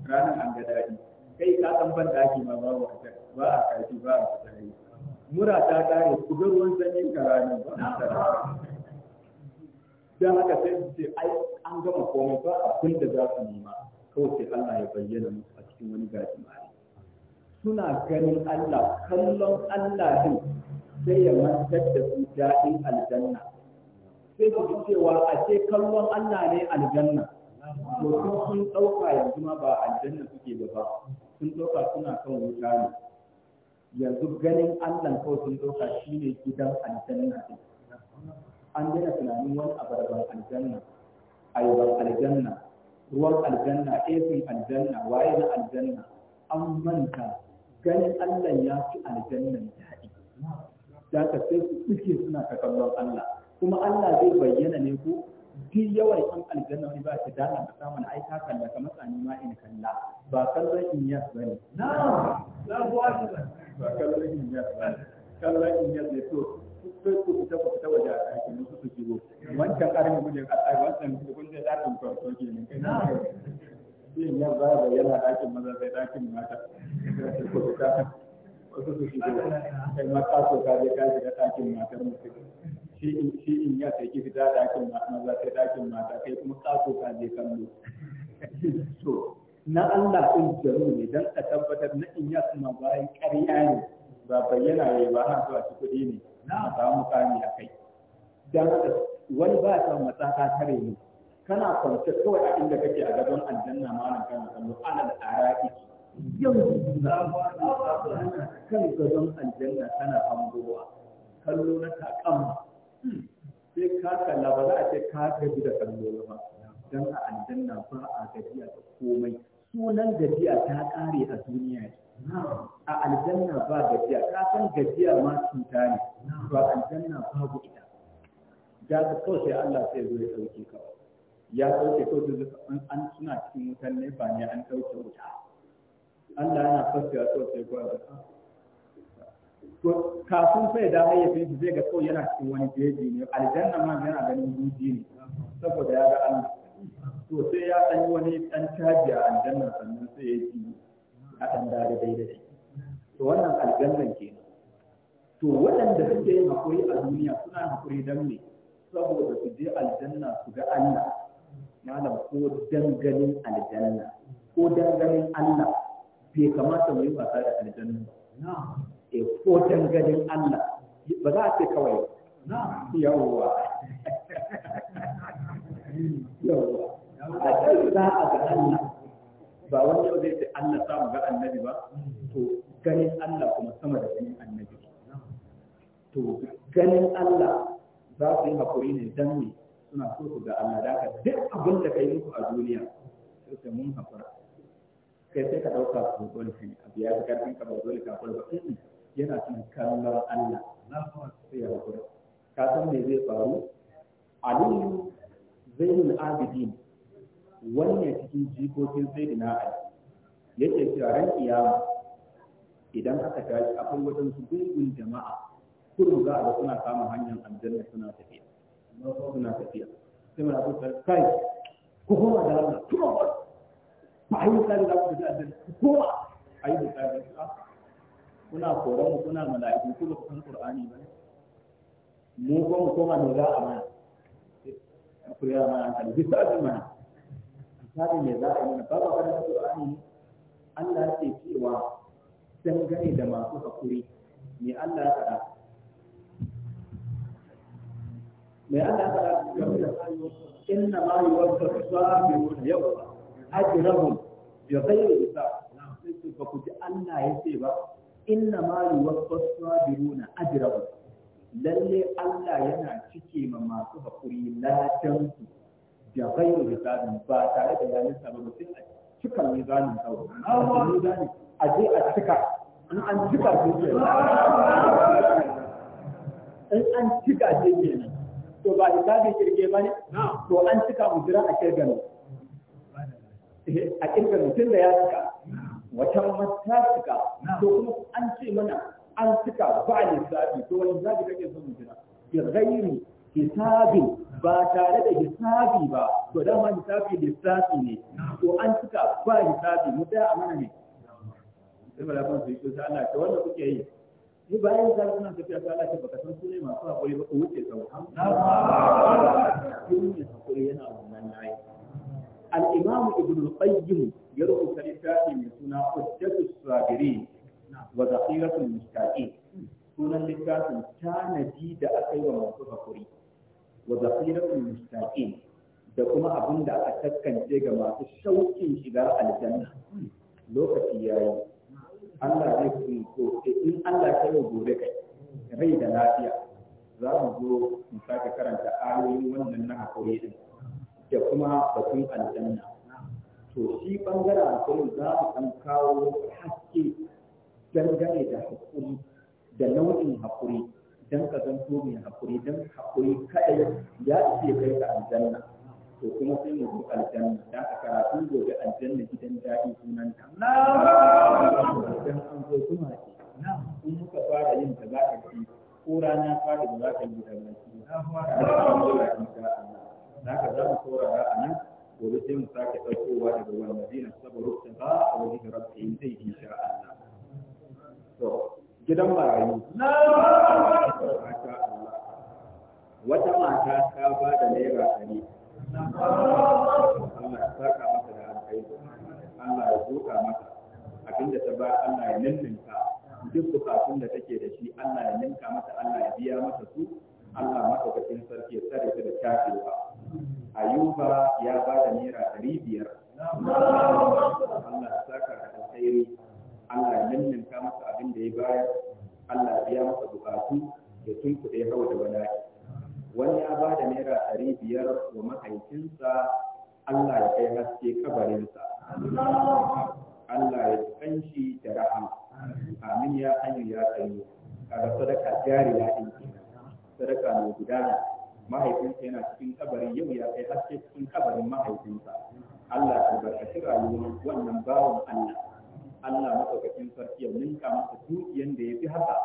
ranar an ga daɗi kai ka san ban daki ma ba wa ba a karfi ba a kasari mura ta ƙare ku ga ruwan sanyi ka ranar ba a dan haka sai su ce ai an gama komai ba abin da za su nema kawai sai Allah ya bayyana musu a cikin wani gajimare suna ganin Allah kallon Allah din sai ya mantar da su daɗin aljanna sai su cewa a ce kallon Allah ne aljanna to sun sun ɗauka yanzu ma ba aljanna suke da ba sun ɗauka suna kan wuta ne yanzu ganin Allah ko sun ɗauka shi ne gidan aljanna an gina tunanin wani abarban aljanna ayuban aljanna ruwan aljanna efin aljanna waye na aljanna an manta ganin Allah ya fi aljannan da ka sai su suke suna ta kallon Allah kuma Allah zai bayyana ne ko duk yawan an aljanna wani ba ta da ka samu na aika kalla kamar tsani ma in kalla ba kallon in ba ne na la ba kallon in ya bane kallon in ya ne to sai ku fita ku fita waje a cikin musu su shigo wancan karin gudun kasai wancan gudun da zakin kwarto ke ne kai na yin ya ba yana dakin maza sai dakin mata ku fita wasu su shigo kai ma ka so ka je ka shiga dakin matar mutum shi in ya sai ki fita ɗakin maza sai dakin mata kai kuma ka so ka je kallo to na Allah ɗin jaru ne don a tabbatar na in ya suna bayan ƙarya ne ba bayyana ya yi ba na zuwa ci kuɗi ne na ba mu mukami a kai don wani ba ya samu ka tare ne kana kwance kawai a inda kake a gaban aljanna malam kana kallo tsara ara'iki Yau zafa da zafa ana kan gazon aljanna tana hangowa kallo na takama sai ka kalla ba za a ce ka gaji da kallo ba don a aljanna ba a gajiya da komai sunan gajiya ta kare a duniya ne a aljanna ba gajiya ka san gajiya ma cuta ne ba aljanna babu ita ya ka kawai sai Allah sai zo ya dauke ka ya dauke kawai an suna cikin wutan ne ba ne an dauke wuta Allah yana fasiya so sai kawai to kafin sai da hayyafin shi zai ga kawai yana cikin wani jeji ne aljanna ma yana ganin guji ne saboda ya ga Allah to sai ya san wani dan caji aljanna sannan sai ya ji a dan dare daidai to wannan aljannan ke. to waɗanda suke yin hakuri a duniya suna hakuri dan me saboda su je aljanna su ga Allah malam ko danganin aljanna ko danganin Allah bai kamata mu yi wasa da aljanna ba e eh, kotan gadin Allah ba za a ce kawai yawwa yawwa a ce za a ga Allah ba wani yau zai ce Allah samu mu ga annabi ba to ganin Allah kuma sama da ganin annabi to ganin Allah za su yi hakuri ne dan ne suna so su ga Allah da duk abin da yi muku a duniya sai mun hakura kai sai ka ɗauka ko dole ne abu ya fi karfin ka ba dole ka kula ba yana cin kallon Allah sai ya kula ka san me zai faru aliyu zainul abidin wannan cikin jikokin sayyidina ali yake cewa ran kiyama idan aka tashi akwai su gungun jama'a kudu za a ga suna samun hanyar aljanna suna tafiya suna tafiya sai mana kai ku koma da Allah tuma ba a yi misali za ku fita aljanna kowa a yi misali kuna koran mu kuna mala'iku kuma ku san qur'ani ba mu ko mu koma ne za a mana ku ya mana hankali bisa ga mana misali ne za a yi mana ba ba kana qur'ani Allah ya ce cewa dangane da masu hakuri me Allah ya faɗa me Allah ya faɗa inna ma yuwaffa as-sabiruna yawma ajrahum bi ghairi hisab sai su ba ku ji Allah ya ce ba inna ma yuwaffas sabiruna ajrahum lalle Allah yana cike ma masu hakuri ladan su da ghairi hisabin ba tare da yana nisa ba sai a cika mizanin kawai a a je a cika in an cika ke ke in an cika shi ke nan to ba hisabi kirge ba ne to an cika mu jira a kirgano a kirkar mutum da ya suka wata mata suka to kuma an ce mana an suka ba lissafi to wani zabi kake son mutum bi gairi hisabi ba tare da hisabi ba to dama hisabi lissafi ne to an suka ba hisabi mu da mana ne sai kuma su yi to ana ta wanda kuke yi ni bayan zai suna tafiya ta Allah baka san sune masu hakuri ba ku wuce sau. hakuri yana wannan al-imam ibn al-qayyim ya rubuta littafi mai suna hujjatu sabirin wa zakhiratul mustaqim sunan littafin tanadi da aka yi wa masu hakuri wa zakhiratul mustaqim da kuma abinda da aka taskance ga masu shauƙin shiga aljanna lokaci yayi Allah zai kunko in Allah ya yi gobe kai rai da lafiya za mu zo mu sake karanta ayoyin wannan na hakuri din da kuma batun aljanna to shi bangaren kuma za mu ɗan kawo haske dangane da haƙuri da nau'in hakuri don ka to mai hakuri dan hakuri kaɗai ya ce kai ka aljanna to kuma sai mu zo aljanna don a karatun gobe aljanna gidan dadi sunan ta don an zo kuma ce in muka fara yin ta za ka ci ko rana fara da za ka yi da baki da haka za mu saurara a nan gobe sai mu sake ɗaukowa daga wallazina sabaru ta ba a wajen in zai insha Allah to gidan marayu masha Allah wata mata ta ba da naira ɗari Allah ya saka mata da alkai Allah ya buka mata abinda ta ba Allah ya ninninka duk bukatun da take da shi Allah ya ninka mata Allah ya biya mata su Allah bakin sarki ya tsare su da shafewa ayuba ya ba da naira ɗari biyar Allah ya saka da alkhairi Allah ya ninninka masa abin da ya bayar Allah ya biya masa bukatu ya kuɗe hau da wani wani ya ba da naira ɗari biyar wa mahaifinsa Allah ya kai haske kabarinsa Allah ya ji da rahama amin ya hanyu ya tsayo kaga sadaka jariya ɗin sadaka mai gudana mahaifinsa yana cikin kabari yau ya kai haske cikin kabarin mahaifinsa Allah ya barkaci rayuwar wannan bawan Allah Allah madaukakin sarki ya ninka masa dukiyan da ya fi haka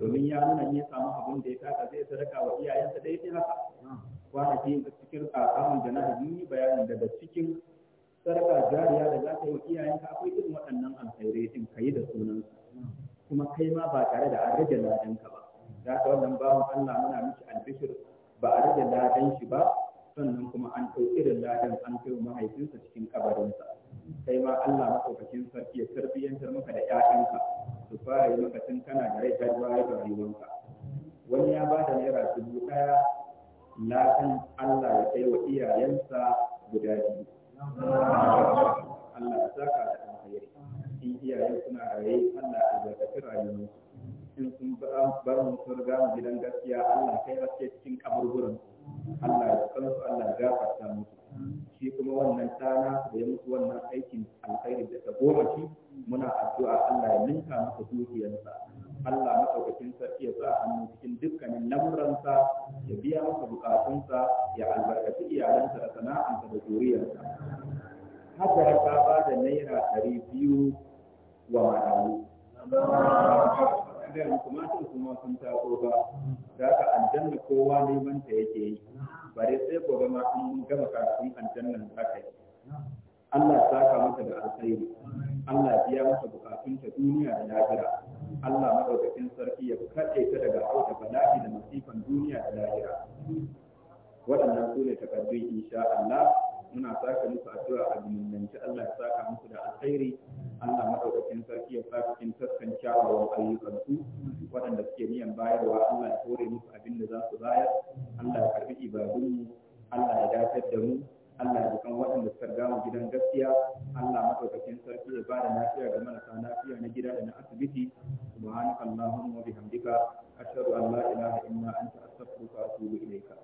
domin ya nuna ya samu abin da ya taka zai sadaka wa iyayensa da ya fi haka ke yin cikin tsakamun da na hadini bayanin daga cikin sarka jariya da za ka yi wa iyayenka akwai irin waɗannan alkhairai din ka yi da sunansa. kuma kai ma ba tare da an rage ladanka ba za ka wannan bawan Allah muna miki albishir ba a rage ladan shi ba sannan kuma an ɗau irin ladan an kai mahaifinsa cikin kabarinsa kai ma Allah maɗaukakin sarki ya tarbiyyantar maka da ƴaƴanka su fara yi maka tun kana da rai har bayan da rayuwanka wani ya ba da naira dubu ɗaya ladan Allah ya kai wa iyayensa guda biyu Allah ya saka da alheri in iyayen suna raye Allah ya albarkaci rayuwarsu in sun bar mu sun mu gidan gaskiya Allah kai haske cikin kaburburan Allah ya san su Allah ya gafarta musu shi kuma wannan tana da ya musu wannan aikin alkhairi da shi muna addu'a Allah ya ninka masa dukiyarsa Allah madaukakin sarki ya sa hannu cikin dukkanin lamuransa ya biya masa bukatunsa ya albarkaci iyalansa da sana'ansa da zuriyarsa haka ya ba da naira ɗari biyu wa marayu gaya muku matan sun kuma sun taso ba da ka aljanna kowa neman ta yake yi bare sai gobe ma an gama karatun aljannan haka yi Allah ya saka mata da alkhairi Allah ya biya bukatun ta duniya da lahira Allah madaukakin sarki ya kaɗe ta daga auta bala'i da masifan duniya da lahira waɗannan su ne takardun insha Allah muna saka musu addu'a a jinnanci Allah ya saka musu da alkhairi Allah madaukakin sarki ya sa cikin taskan ayyukan ayyukansu waɗanda suke niyan bayarwa Allah ya kore musu abin da za su bayar Allah ya karbi mu Allah ya dafar da mu Allah ya dukan waɗanda suka mu gidan gaskiya Allah madaukakin sarki ya bada lafiya ga marasa lafiya na gida da na asibiti subhanaka wa bihamdika ashhadu an la ilaha illa anta astaghfiruka wa atubu ilayka